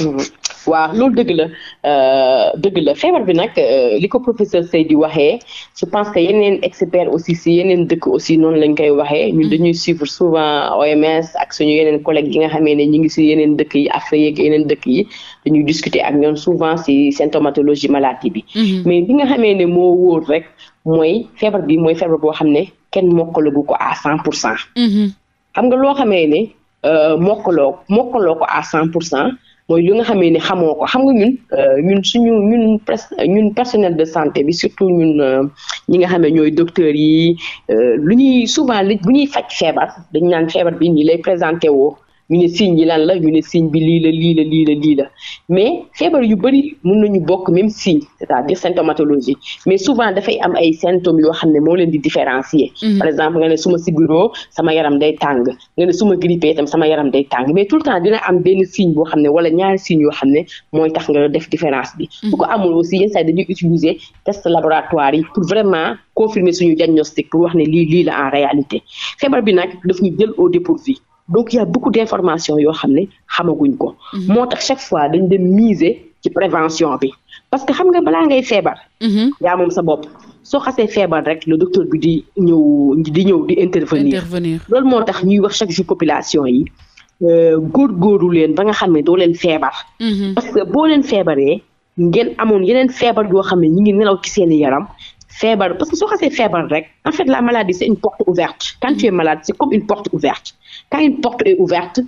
Mm-hmm. waaw loolu dëgg la euh, dëgg la feebar bi nag euh, li ko professeur di waxee je pense que yeneen expert aussi si yeneen dëkk aussi noonu lañ koy waxee ñun mm-hmm. dañuy suivre souvent OMS ak suñu yeneen collègues yi nga xamee ne ñu ngi si yeneen dëkk yi Afrique yeeg yeneen dëkk yi dañuy discuter ak ñoom souvent si symptomatologie maladie bi. Mm-hmm. mais bi nga xamee ne moo wóor rek mooy feebar bi mooy feebar boo xam ne kenn mokkalagu ko à cent pour cent. Mm-hmm. xam nga loo xamee ne euh, mokkaloo mokkaloo ko à cent pour cent. mooy li nga xamee ni xamoo ko xam nga ñun euh, ñun suñu ñun presque ñun personnel de santé bi surtout ñun euh, ñi nga xam ne ñooy docteurs yi euh, lu ñuy souvent li bu ñuy faj feebar dañ naan feebar bi nii lay présenté woo ñu ne signe yi lan la ñu ne signe bi lii la lii la lii la mais feebar yu bëri mun nañu bokk même signe c'est-à-dire symptomatologie mais souvent dafay am ay symptômes yoo xam ne moo leen di différencier. Mhm. par exemple nga ne su ma sibbiroo sama yaram day day tàng mais tout le temps dina am benn signe boo xam ne wala ñaari signes yoo xam ne mooy tax nga def différence bi. Mhm. bu ko amul aussi yenn saa dañuy utiliser test laboratoire yi pour vraiment confirmer suñu diagnostic pour wax ne lii lii la en réalité feebar bi nag daf ñu jël au dépourvu. donc il y a beaucoup d'informations yoo xam ne xamaguñ ko. Mhm. moo tax chaque fois dañ dem miser ci prévention bi parce que xam nga balaa ngay feebar. Mhm. yaa moom sa bopp soo xasee feebar rek le docteur bi di ñëw di ñëw di intervenir. intervenir loolu moo tax ñuy wax chaque jour population yi. Euh, góorgóorlu leen ba nga xam ne doo leen feebar. Mhm. parce que boo leen feebaree ngeen amoon yeneen feebar yoo xam ne ñu ngi nelaw ci seen yaram feebar parce que soo xasee feebar rek en fait la maladie c'est une porte ouverte quand tu es malade c'est comme une porte ouverte quand porte est ouverte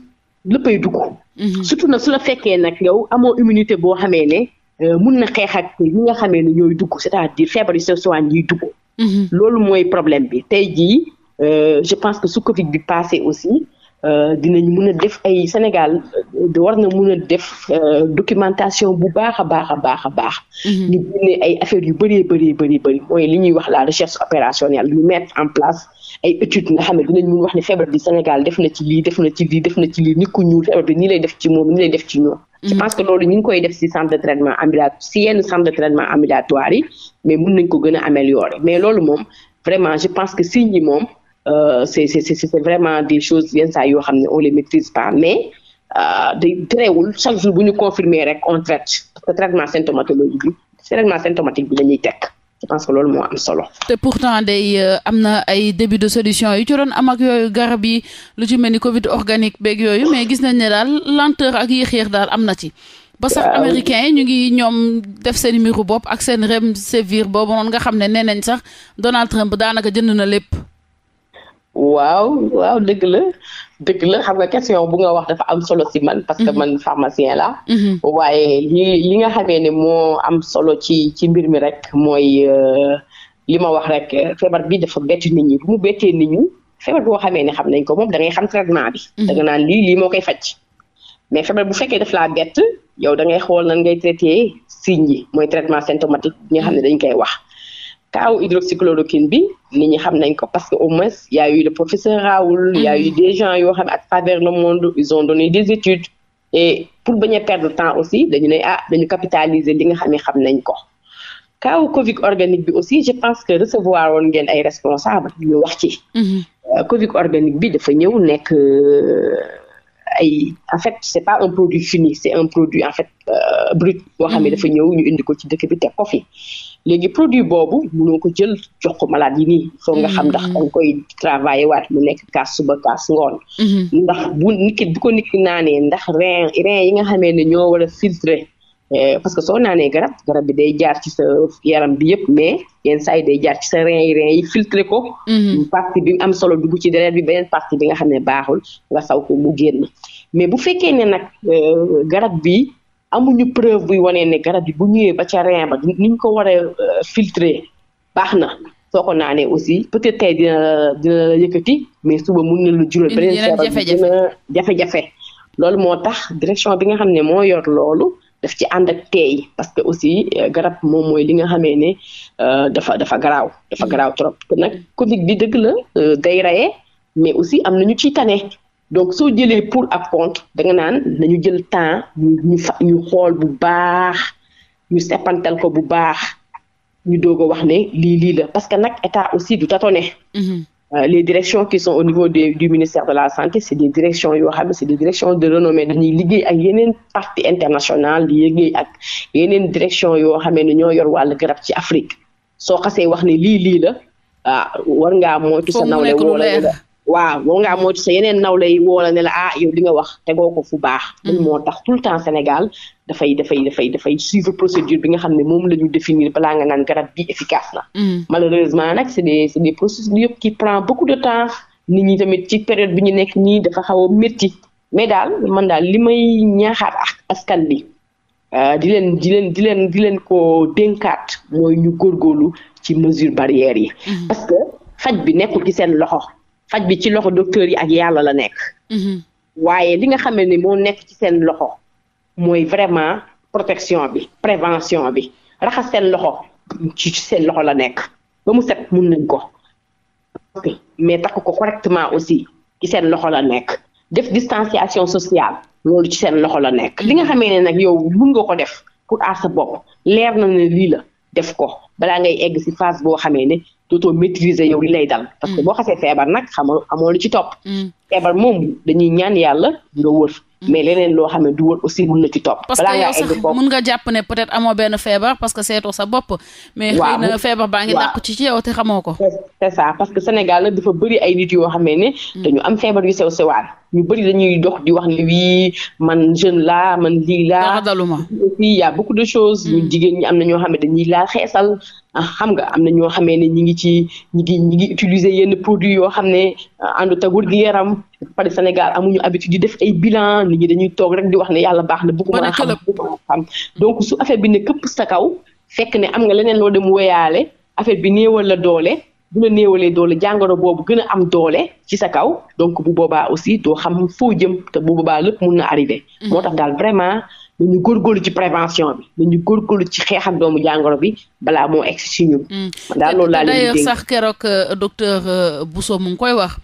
léppay dugg mhm. surtout nag su la fekkee nag yow amoo immunité boo xamee ne euh, mun na xeex ak ñi nga xamee ne ñooy dugg c'est-à-dire feebar yu sew sewaan yiy dugg mhm. loolu mooy problème bi tey jii euh, je pense que su Covid bi passé aussi Euh, dinañ mun a def ay Sénégal euh, war na mun a def euh, documentation bu baax a baax a baax a baax. ñu mhm. génne ay affaires yu bëree bëri bëri bëri mooy li ñuy wax la recherche opérationnelle ñu mettre en place ay études nga xam ne dinañ mun wax ne Sénégal def na ci lii def na ci lii def na ci lii nit ku ñuul feebar bi nii lay def ci moom nii lay def ci ñoom. Mhm. je pense que loolu ñu ngi koy def si centre de traitement ambulatoire si yenn centre de traitement ambulatoire yi mais mun nañ ko gën a améliorer mais loolu moom vraiment je pense que signe yi moom. euh, c'est vraiment des choses yenn yoo xam ne on les maîtrise pas mais euh, day terewul chaque jour bu ñu confirmer rek on traite parce que traitement symptomatologique bi traitement symptomatique ñuy teg je pense que loolu moo am solo. te pourtant day euh, am na ay début de solution yu ci doon am yooyu garab yi lu ci mel ni Covid organique beeg yooyu mais gis nañ ne daal lenteur ak yéex-yéex daal am na ci. ba sax euh, américains yi ñu ngi ñoom def seen mbiru bopp ak seen remdesivir boobu noonu nga xam ne nee nañ sax Donald Trump daanaka jënd na lépp. waaw waaw dëgg la dëgg la xam nga question bu nga wax dafa am solo si man parce que mhm. man pharmacien la mhm. waaye li nga xamee ne moo am solo ci ci mbir mi rek mooy euh, li ma wax rek feebar bi dafa bett nit ñi bu mu bettee nit ñi feebar boo xamee ne xam nañ ko moom da xam traitement bi mhm. da naan lii lii moo koy faj mais feebar bu fekkee daf laa bett yow da ngay xool nan ngay traité signe yi mooy traitement symptomatique bi nga xam ne dañ koy wax kaaw hydroxychloroquine bi ni ñi xam nañ ko parce que au moins y a eu le professeur Raoul y a mhm. des gens yoo xam ne à travers le monde ils ont donné des études et pour bañ a perdre temps aussi dañu ne ah dañu capitaliser li nga xam ne xam nañ ko kaaw Covid organique bi aussi je pense que recevoir woon ngeen ay responsable ñu wax ci mhm. euh, Covid organique bi dafa ñëw nekk euh, ay en fait c'est pas un produit fini c'est un produit en fait euh, brut boo xam ne mhm. dafa ñëw ñu indi ko ci dëkk bi teg ko fi léegi produit boobu mënoo ko jël jox ko malade yi nii foog nga xam ndax mm-hmm. danga koy travailler waat mu nekk kaas suba kaas ngoon mm-hmm. ndax bu nit bu ko nit ki naanee ndax rein rein yi nga xamee ne ñoo war a filtrer eh, parce que soo naanee garab garab bi day jaar ci sa yaram bi yëpp mais yenn saay day jaar ci sa rein yi rein yi filtré ko mm-hmm. partie bi am solo dugg ci deret bi beneen partie bi nga xam ne baaxul nga saw ko mu génn mais bu fekkee ne nag eh, garab bi amuñu preuve buy wanee ne garab yi bu ñëwee ba ca rein ba ni ñu ko war euh, filtrer baax na soo ko naanee aussi peut-être tey dina dina la mais suba mun na la jural beneen feebar dina jafe-jafe loolu moo tax direction bi nga xam ne moo yor loolu def ci ànd ak teey parce que aussi euh, garab moom mooy li nga xamee ne euh, dafa dafa garaaw dafa mm. garaaw trop te nag Covid bi dëgg la day rayee mais aussi am na ñu ciy tane donc soo jëlee pour ak contre da nga naan nañu jël temps ñu fa ñu xool bu baax ñu seppantal ko bu baax ñu doog a wax ne lii lii la parce que nag état aussi du tâtonner. Mm-hmm. Euh, les directions qui sont au niveau des du ministère de la santé c'est des directions yoo xam ne c'est des directions de renommée dañuy liggéey ak yeneen partie internationale di liggéey ak yeneen direction yoo xam ne ñoo yor wàllu garab ci Afrique soo xasee wax ne lii lii la ah war ngaa moytu sa nawle woo la waaw war ngaa moytu sa yeneen naw lay woola ne la ah li nga wax tegoo ko fu baax dañ mm-hmm. moo tax tout le temps Sénégal dafay dafay dafay dafay suivre procédure bi nga xam ne moom la ñu définir balaa nga naan garab bi efficace na mm-hmm. malheureusement nag c'est des c'est des procédures qui prend beaucoup nit ñi tamit ci période bi ñu nekk nii dafa xaw a métti mais daal man daal li may ñaaxaat a askan bi euh, di leen di leen di leen di leen ko dénkaat mooy ñu góorgóorlu ci mesure barrière yi mm-hmm. parce que faj bi nekkul ci seen loxo faj bi ci loxo docteur yi ak yàlla la nekk. Mm-hmm. waaye li nga xam ni moo nekk ci seen loxo mooy vraiment protection bi prévention bi raxas seen loxo ci seen loxo la nekk mu set mun nañ ko. mais takk ko correctement aussi ci seen loxo la nekk def distanciation sociale loolu ci seen loxo la nekk li nga xamee ne nag yow mun nga ko def pour aar sa bopp leer na ne lii la def ko balaa ngay egg ci phase boo xamee ne dootoo maîtriser yow li lay dal. parce que mm. boo xasee feebar nag xamoo xamoo lu ci topp. Mm. feebar moom dañuy ñaan yàlla nga wër. Mm. mais leneen loo xam ne du wër aussi mun na ci topp. mun nga jàpp ne peut amoo benn feebar parce que seetoo sa bopp. mais xëy na feebar baa ngi dàq ci ci yow ko. c'est ça parce que Sénégal nag dafa bëri ay nit yoo xam ne dañu am feebar yu sew sewaan ñu bëri dañuy dox di wax ne wii man jeune laa man lii laa. daluma aussi a beaucoup de choses. ñu jigéen Ah, xam nga am na ñoo xamee ne ñi ngi ci ñi ngi ngi utiliser yenn produits yoo xam ne ah, àndu tagul gi yaram par Sénégal amuñu habitude di def ay billan nit ñi dañuy toog rek di wax ne yàlla baax na bëgguma xam bëgguma xam donc su affaire bi ne këpp sa kaw fekk ne am nga leneen loo dem woyaale affaire bi néewal la doole bu la néewalee doole jàngoro boobu gën a am doole ci sa kaw donc bu boobaa aussi doo xam foo jëm te bu boobaa lépp mun na arrivé mm-hmm. moo tax daal vraiment nañu góorgóorlu ci prévention bi nañu ci xeex ak doomu jàngoro bi balaa moo egsi si ñun. Mm. laa leen di dégg sax keroog euh, docteur euh, mu ngi koy wax.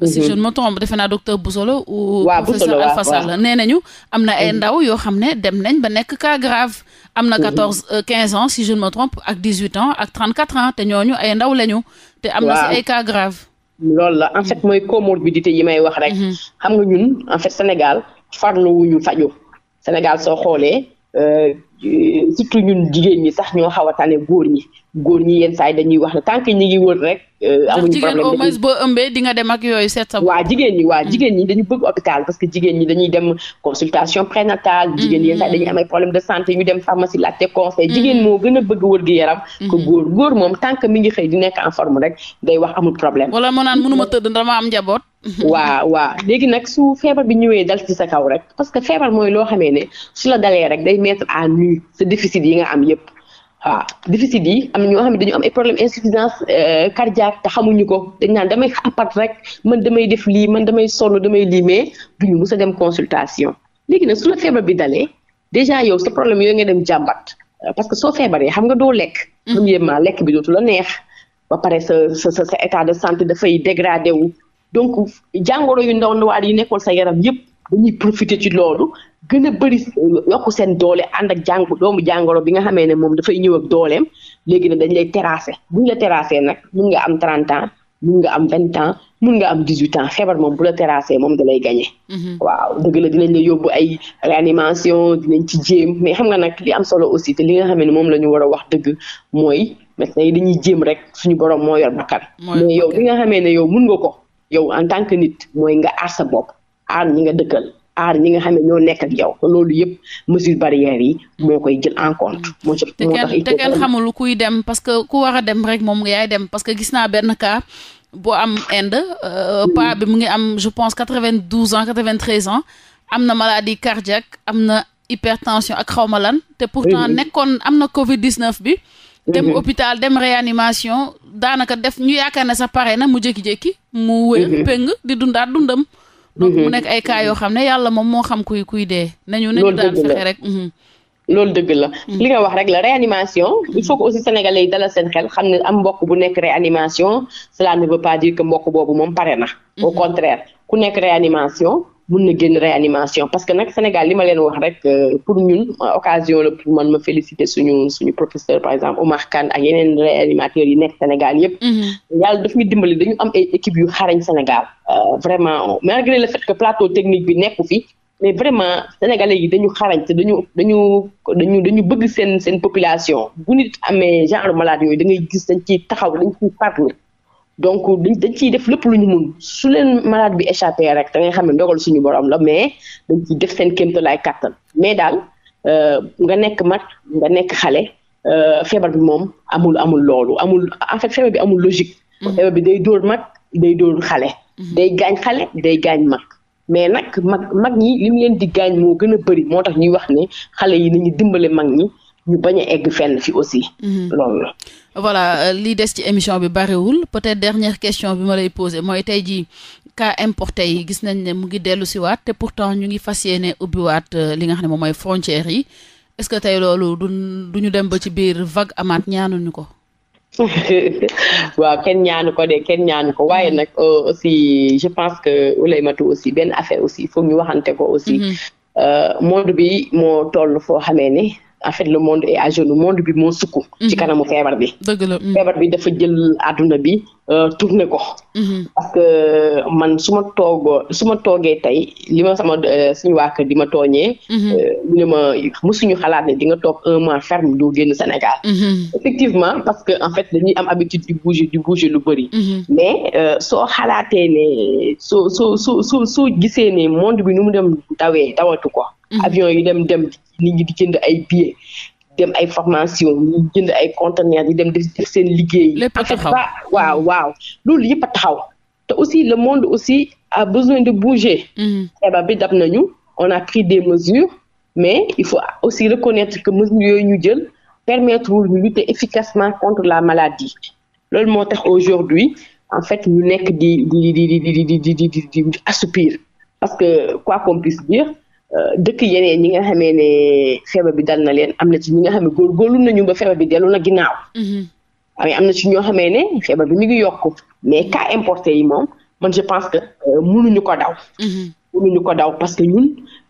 Mm-hmm. si je ne me trompe defe naa docteur Bousso la. ou professeur nee nañu am na ay mm-hmm. ndaw yoo xam ne dem nañ ba nekk cas grave. am na mm-hmm. quatorze euh, quinze ans si je ne me trompe ak dix huit ans ak trente quatre ans te ñooñu ay ndaw lañu. te am na si ay cas grave. loolu la en fait mooy comorbidité yi may wax rek. xam nga ñun en fait Sénégal farlu ñu faju Sénégal soo xoolee euh, surtout ñun jigéen ñi sax ñoo xaw a tane góor ñi góor ñi yenn saa yi dañuy wax ne tant que ñi ngi wër rek. Euh, amuñu problème jigéen boo ëmbee di dem ak yooyu seet sa. waa jigéen ñi waa mm. jigéen ñi dañu bëgg hôpital parce que jigéen ñi dañuy dem consultation prénatale. jigéen ñi yenn saa yi dañuy mm. am ay problème de santé ñu dem pharmacie laajte conseil. jigéen mm. moo gën a bëgg wër gi yaram. que góor góor moom tant que mi ngi xëy di nekk en forme rek day wax amul problème. wala moo naan mënuma tëdd dama am njaboot. waa waa léegi nag su feebar bi ñëwee dal ci sa kaw rek parce que feebar mooy loo xamee ne su la dalee rek day mettre à nu sa déficit yi nga am yépp waaw déficit yi am na ñoo xam ne dañu am ay problème insuffisance euh, cardiaque te xamuñu ko dañ naan damay xapat rek man damay def lii man damay solo damay lii mais duñu mës a dem consultation léegi nag su la feebar bi dalee déjà yow sa problème yooyu nga dem jàmbat euh, parce que soo feebaree xam nga doo lekk mm-hmm. premièrement lekk bi dootu la neex ba pare sa sa sa état de santé dafay dégradé donc jàngoro yu ndaw ndawaan yu nekkoon sa yaram yëpp dañuy profité ci loolu gën a bëri euh, yokk seen doole ànd ak jàng doomu jàngoro bi nga xamee ne moom dafay ñëw ak dooleem léegi ne dañ lay terrasser bu ñu la terrasser nag mun nga am 30 ans mun nga am 20 ans mun nga am 18 ans feebar moom bu la terrasser moom da lay gagné. Mm-hmm. waaw dëgg dinañ la yóbbu ay réanimation dinañ ci jéem mais xam nga nag li am solo aussi te li nga xamee ne moom la ñu war a wax dëgg mooy médecins yi dañuy jéem rek suñu borom moo yor bakkan. mais yow li nga xamee ne yow mun nga ko yow en tant que nit mooy nga aar sa bopp. aar ñi nga dëkkal aar ñi nga xam ne ñoo nekk ak yow loolu yëpp mesure barrière yi moo koy jël en compte. Mm. moo tax te kenn xamul kuy dem parce que ku war a dem rek moom yaay dem parce que gis benn cas boo am Inde euh, mm. pa bi mu ngi am je pense quatre-vingt-douze ans quatre-vingt-treize ans am na maladie cardiaque am na hypertension ak xawma lan te pourtant nekkoon am na Covid 19 bi. dem mm-hmm. hôpital dem réanimation daanaka def ñu yaakaar ne sax pare na mu jékki-jékki. mu wér mm-hmm. péng di dundaat dundam. donc mu mhm. ay cas yoo xam ne yàlla moom moo xam kuy kuy dee. nañu nañu daan fexe mhm. loolu dëgg la mhm. li nga wax rek la réanimation il faut que aussi sénégal yi dalal seen xel xam ne am mbokk bu nekk réanimation cela ne veut pas dire que mbokk boobu moom pare na. au contraire ku nekk réanimation. mun na génn réanimation parce que nag Sénégal li ma leen wax rek euh, pour ñun euh, occasion la pour man ma féliciter suñu suñu professeur par exemple Omar Kane ak yeneen réanimateurs yi nekk Sénégal yépp mm-hmm. yàlla daf ñu dimbali dañu am ay équipe yu xarañ Sénégal euh, vraiment malgré le fait que plateau technique bi nekku fi mais vraiment sénégalais yi dañu xarañ te dañu dañu dañu dañu bëgg seen seen population bu nit amee genre malade yooyu da ngay gis dañ ciy taxaw dañ ciy donc dañ ciy def lépp lu ñu mun su leen malade bi échappé rek dangay xam ne ndogal suñu borom la mais dañ ciy def seen kéemtalaay kàttan mais daal euh, nga nekk mag nga nekk xale euh, feebar bi moom amul amul loolu amul en bi amul logique. Mm-hmm. feebar bi day dóor mag day dóor xale. Mm-hmm. day gaañ xale day gaañ mag. mais nag mag mag ñi li leen di gaañ moo gën a bëri moo tax ñuy wax ne xale yi nañu dimbale mag ñi ñu bañ a egg fenn fi aussi. Mm-hmm. loolu la. voilà euh, li des ci émission bi barewul peut-être dernière question bi ma lay poser mooy tey jii cas importé yi gis nañ ne mu ngi dellu si waat te pourtant ñu ngi fas yéene ubbiwaat euh, li nga xam ne moom mooy frontières yi est-ce que tey loolu du du ñu dem ba ci biir vague amaat ñaanuñu ko. waaw kenn ñaanu ko de kenn ñaanu ko waaye nag euh, aussi je pense que Ouleymatou aussi benn affaire aussi foog ñu waxante ko aussi. Mm-hmm. monde bi moo toll foo xamee ne. en fait le monde est à genoux monde bi moo sukk. ci mhm. kanamu mhm. feebar bi. dafa jël adduna bi euh, tourné ko. Mhm. parce que euh, man su ma toogoo su ma toogee tey li ma sama euh, suñu waa di ma tooñee. ñu ma mësuñu xalaat ne di nga toog un mois ferme doo génn Sénégal. effectivement parce que en fait dañuy am habitude di bouger di bouger lu bëri. mais soo xalaatee ne soo soo soo soo gisee ne monde bi nu mu dem dawee dawatu ko. avion yi dem dem ni ñi di jënd ay billets dem ay formation ñu jënd ay conteneurs yi dem def seen liggéey. lépp a taxaw waaw waaw loolu yëpp a taxaw te aussi le monde aussi a besoin de bouger. feebar bi dab nañu on a pris des mesures mais il faut aussi reconnaître que mesures yooyu ñu jël permettre wul ñu lutter efficacement contre la maladie loolu moo tax aujourd'hui en fait ñu nekk di di di di di di di di assoupir parce que quoi qu'on puisse dire. dëkk yeneen ñi nga xamee ne feebar bi dal na leen am na ci ñi nga xam ne góorgóorlu nañu ba feebar bi dellu na ginnaaw. waaye mhm. am na ci ñoo xamee ne feebar bi mi ngi yokk mais cas yi moom man je pense que euh, mënuñu ko daw. Mhm. mënuñu ko daw parce que ñun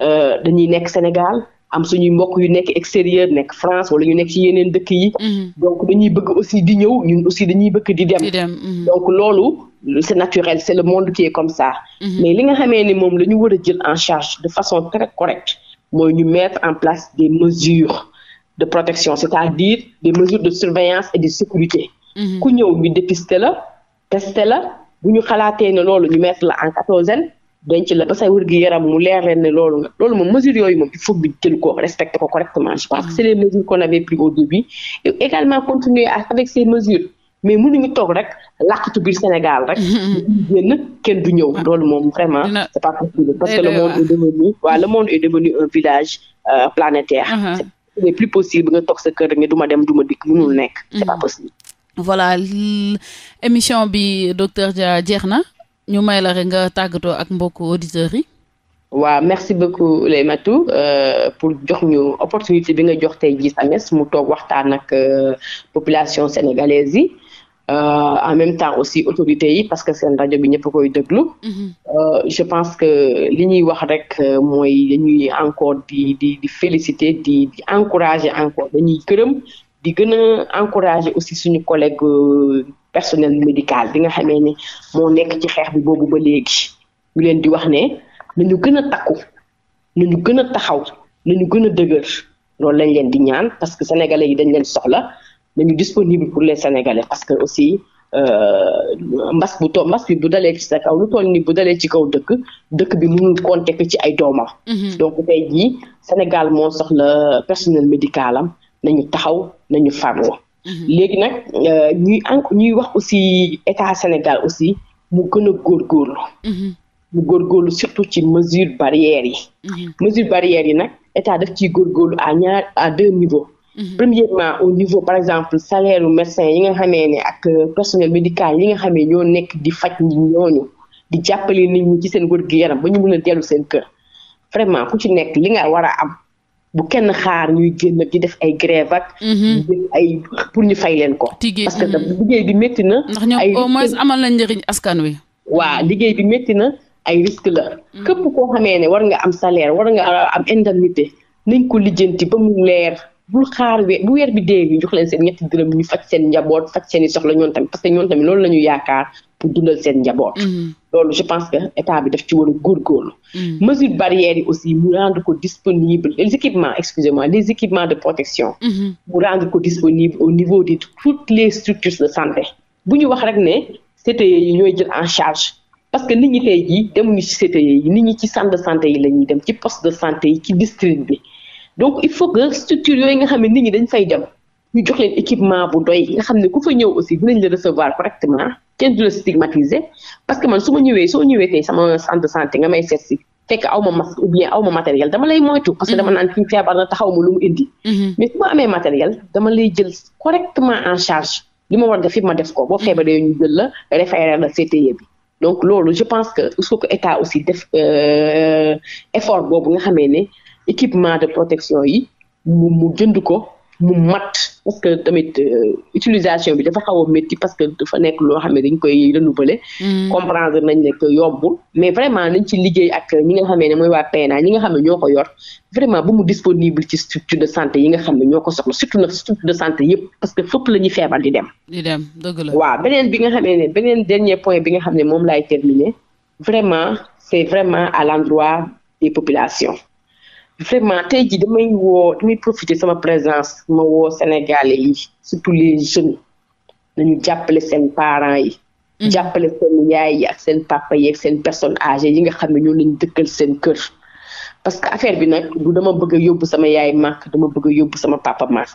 euh, dañuy nekk Sénégal. am suñuy mbokk yu nekk extérieur nekk France wala ñu nekk ci yeneen dëkk yi. Mhm. donc dañuy bëgg aussi di ñëw ñun aussi dañuy bëgg di dem. donc loolu c'est naturel c'est le monde qui est comme ça. Mhm. mais li nga xamee ni moom la ñu war a jël en charge de façon très correcte mooy ñu mettre en place de mesures de protection c'est-à-dire des mesures de surveillance et de sécurité. Mhm. ku ñëw ñu dépister la tester la bu ñu xalaatee ne loolu ñu mettre la en quatorzaine denc la ba say wér-gu-yaram mu leer leen ne loolu loolu moom mesures yooyu moom il faut que ñu ko respecter ko correctement je pense que mhm. c'est les mesures mais mënuñu toog rek làqatu biir Sénégal rek. génn kenn du ñëw. loolu moom vraiment c'est pas possible. parce que le monde est devenu waaw un village euh, planétaire. Uh-huh. c'est plus possible nga toog sa kër nga duma dem duma dikk mënul nekk. c'est pas mm-hmm. possible. émission bi docteur Dia jeex na ñu mayla rek nga tàggatoo ak mbokku auditeurs yi. waa merci beaucoup Laymatou euh, pour jox ñu opportunité bi nga jox tey jii Sames mu toog waxtaan ak euh, population sénégalaise yi. Euh, en même temps aussi autorités yi parce que seen rajo bi ñëpp koy déglu. Mhm. Euh, je pense que li ñuy wax rek euh, mooy lañuy encore di di di di di encourager encore dañuy gërëm di gën a encourager aussi suñu collègue personnel médical bi nga xamee ni moo nekk ci xeex bi boobu ba léegi ñu leen di wax ne nañu gën a takku nañu gën a taxaw nañu gën a dëgër loolu lañ leen di ñaan parce que sénégalais yi dañ leen soxla. nañu disponible pour les sénégalais parce que aussi euh, mbas bu to mbas bi bu dalee ci sa kaw lu toll ni bu dalee ci kaw dëkk dëkk bi mënul compter que ci ay doomam. Mhm. donc tey jii Sénégal moo soxla personnel médical am nañu taxaw nañu farlu. Mhm. léegi nag euh, ñuy enc ñuy wax aussi état Sénégal aussi mu gën a góorgóorlu. Mhm. mu góorgóorlu surtout ci mesure barrières yi. mesure barrières yi nag état daf ci góorgóorlu à ñaar à deux niveaux. Mhm. premièrement au niveau par exemple salaire u médecin yi nga xamee ne ak euh, personnel médical yi nga xamee ñoo nekk di faj ñi ñooñu di jàppale nit ñi ci seen wér-gu-yaram ba ñu mën a dellu seen kër vraiment ku ci nekk li nga war a am bu kenn xaar ñuy génn di def ay grève ak. Mhm. ay pour ñu fay leen ko. parce que mhm. liggéey bi métti na. ndax ñoom au moins amal na njëriñ askan wi. waa liggéey bi métti na ay risque la. képp ko xamee ne war nga am salaire war nga am indemnité nañ ko lijjanti ba mu leer. bu xaar weer bu weer bi dee ñu jox leen seen ñetti dërëm ñu faj seen njaboot faj seen i soxla ñoom tamit parce que ñoom tamit loolu la ñu yaakaar pour dundal seen njaboot. Mm-hmm. loolu je pense que état bi daf ci war a góorgóorlu. Mm-hmm. mesures barrières yi aussi mu rendre ko disponible les équipements excusez-moi les équipements de protection. Mm-hmm. mu rendre ko disponible au niveau de toutes les structures de santé. bu ñu wax rek ne CTE yi ñooy jël en charge parce que nit ñi tey e ñi ci centre de santé yi la ñuy dem ci poste de santé yi ci district bi. donc il faut que structure yooyu nga xam ne nit ñi dañ fay dem ñu jox équipement bu doy nga xam ne ku fa ñëw aussi dinañ la recevoir correctement kenn du la stigmatiser parce que man su soo ñëwee tey sama centre de santé nga may seet si fekk a ma masque aw ma matériel dama lay moytu. parce que dama naan fi feebar na taxaw ma lu indi. Mm-hmm. mais su ma amee dama lay jël correctement en charge li ma war a def fi ma def ko boo feebaree ñu jël la référé loolu je pense que il faut que aussi def euh, effort boobu nga xamee ne équipement de protection yi mu mu jënd ko mu mat parce que tamit euh, utilisation bi dafa xaw a métti parce que dafa nekk loo xam ne dañ koy renouveler. Mm. comprendre nañ ne que yombul. mais vraiment nañ ci liggéey ak ñi nga xamee ne mooy waa PNA ñi nga xam ne ñoo ko yor vraiment bu mu disponible ci structure de santé yi nga xam ne ñoo ko soxla surtout nag structure de santé yëpp parce que fépp la feebar di dem. di dem dëgg la waaw beneen bi nga xamee ne beneen dernier point bi nga xam ne moom laay terminer vraiment c'est vraiment à l'endroit des populations. vraiment tey jii damay woo damay profiter sama présence ma woo Sénégalais yi surtout les jeunes nañu jàppale seen parents yi. Mhm. jàppale seen yaay yi ak seen papa yi ak seen personne âgée yi nga xam ne ñoo leen dëkkal seen kër. parce que affaire bi nag du dama bëgg yóbbu sama yaay màkk dama bëgg a yóbbu sama papa màkk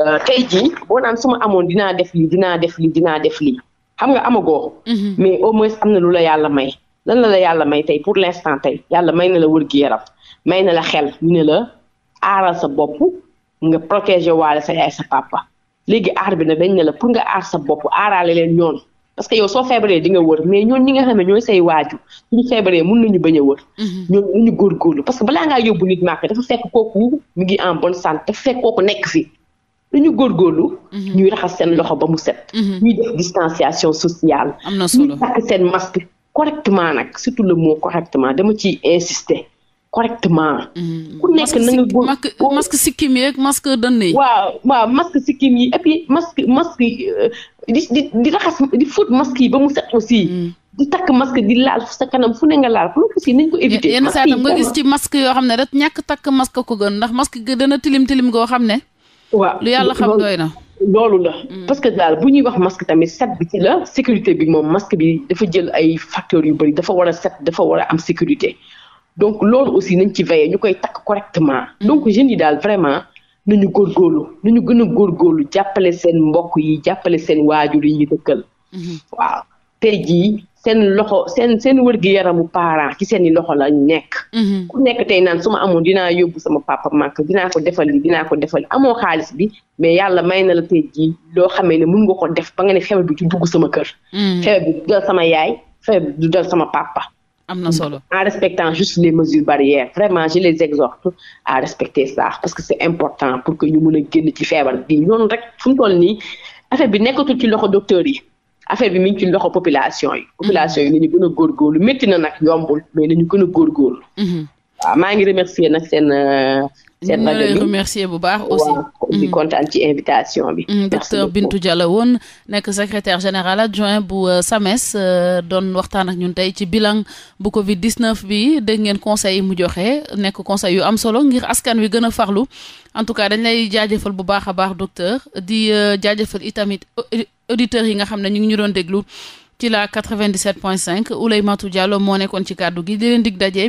euh, tey jii boo naan su ma amoon dinaa def lii dinaa def lii dinaa def lii xam nga amagoo. Mhm. mais au moins am na lu la yàlla may. lan la la yàlla may tey pour l'instant tey yàlla may na la wër yaram. may na la xel ñu ne la aaral sa bopp nga protéger waale sa yaay sa papa léegi aar bi nag dañ ne la pour nga aar sa bopp aaral leen ñoon parce que yow soo feebaree di nga wër mais ñoon ñi nga xam ne ñooy say waaju suñu feebaree mun nañu bañ a wër mhm. ñoom nañu góorgóorlu parce que balaa ngaa yóbbu nit màkk dafa fekk kooku mu ngi en bonne sant dafa fekk kooku nekk fii dañu lu mhm. ñuy raxas seen loxo ba mu set mhm. ñuy def distanciation sociale am na solo ñuy takk seen masque nag surtout le mot correctement dama ciy insister correctement. Mm. ku nekk na nga góor masque masque sikkim yeeg masque dënn yi. waaw waaw masque sikkim yi et puis masque masque euh, di di di raxas di fóot masque yi ba mu set aussi. Mm. di takk masque di laal sa kanam fu ne nga laal loolu aussi nañ ko éviter. yenn saa tam nga gis ci masque yoo xam ne rek ñàkk takk masque ko gën ndax masque gi dana tilim tilim goo xam ne. waaw lu yàlla xam doy na. loolu la mm. parce que daal bu ñuy wax masque tamit set bi ci la sécurité bi moom masque bi dafa jël ay facteurs yu bëri dafa war a set dafa war a am sécurité donc loolu aussi nañ ci veiller ñu koy takk correctement mm-hmm. donc jeunes yi daal vraiment nañu góorgóorlu nañu gën a góorgóorlu jàppale seen mbokk yi jàppale seen waajur yi ñu dëkkal mm-hmm. waaw tey jii seen loxo seen seen wér-gu-yaramu parent ki seen i loxo la nekk mm-hmm. ku nekk tey naan suma amoon dinaa yóbbu sama papa màkk dinaa ko defal li ko defal amoo xaalis bi mais yàlla may na la tey jii loo xamee ne mun nga ko def ba nga ne feebar bi ci dugg sama kër feebar bi du dal sama yaay feebar du dal sama papa am na solo en respectant juste les mesures barrières vraiment je les exhorte à respecter ça parce que c'est important pour que ñu mën a génn ci feebar bi ñoom rek fu mu toll nii affaire bi nekkatul ci loxo docteurs yi affaire bi mi ci loxo population yi mhm. population yi nañu gën a góorgóorlu métti na nag yombul mais nañu gën a góorgóorlu mhm. waaw maa ngi remercier nag seen. Euh, seen rajo bi bu baax aussi. di mm-hmm. kontaan ci invitation bi. Mm-hmm, docteur bintu Diallo woon nekk secrétaire général adjoint bu euh, SAMES euh, doon waxtaan ak ñun tey ci bilan bu Covid 19 bi dégg ngeen conseil mu joxe nekk conseil yu am solo ngir askan wi gën a farlu en tout cas dañ lay jaajëfal bu baax a baax docteur di jaajëfal itamit auditeurs yi nga xam ne ñu ngi ñu doon déglu. ci la 97.5 Ouleymatou Diallo moo nekkoon ci kàddu gi di leen dig daje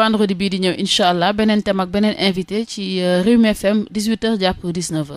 vendredi bii di ñëw incha allah beneen thème ak beneen invité ci euh, Rewmi FM 18h jàpp 19h.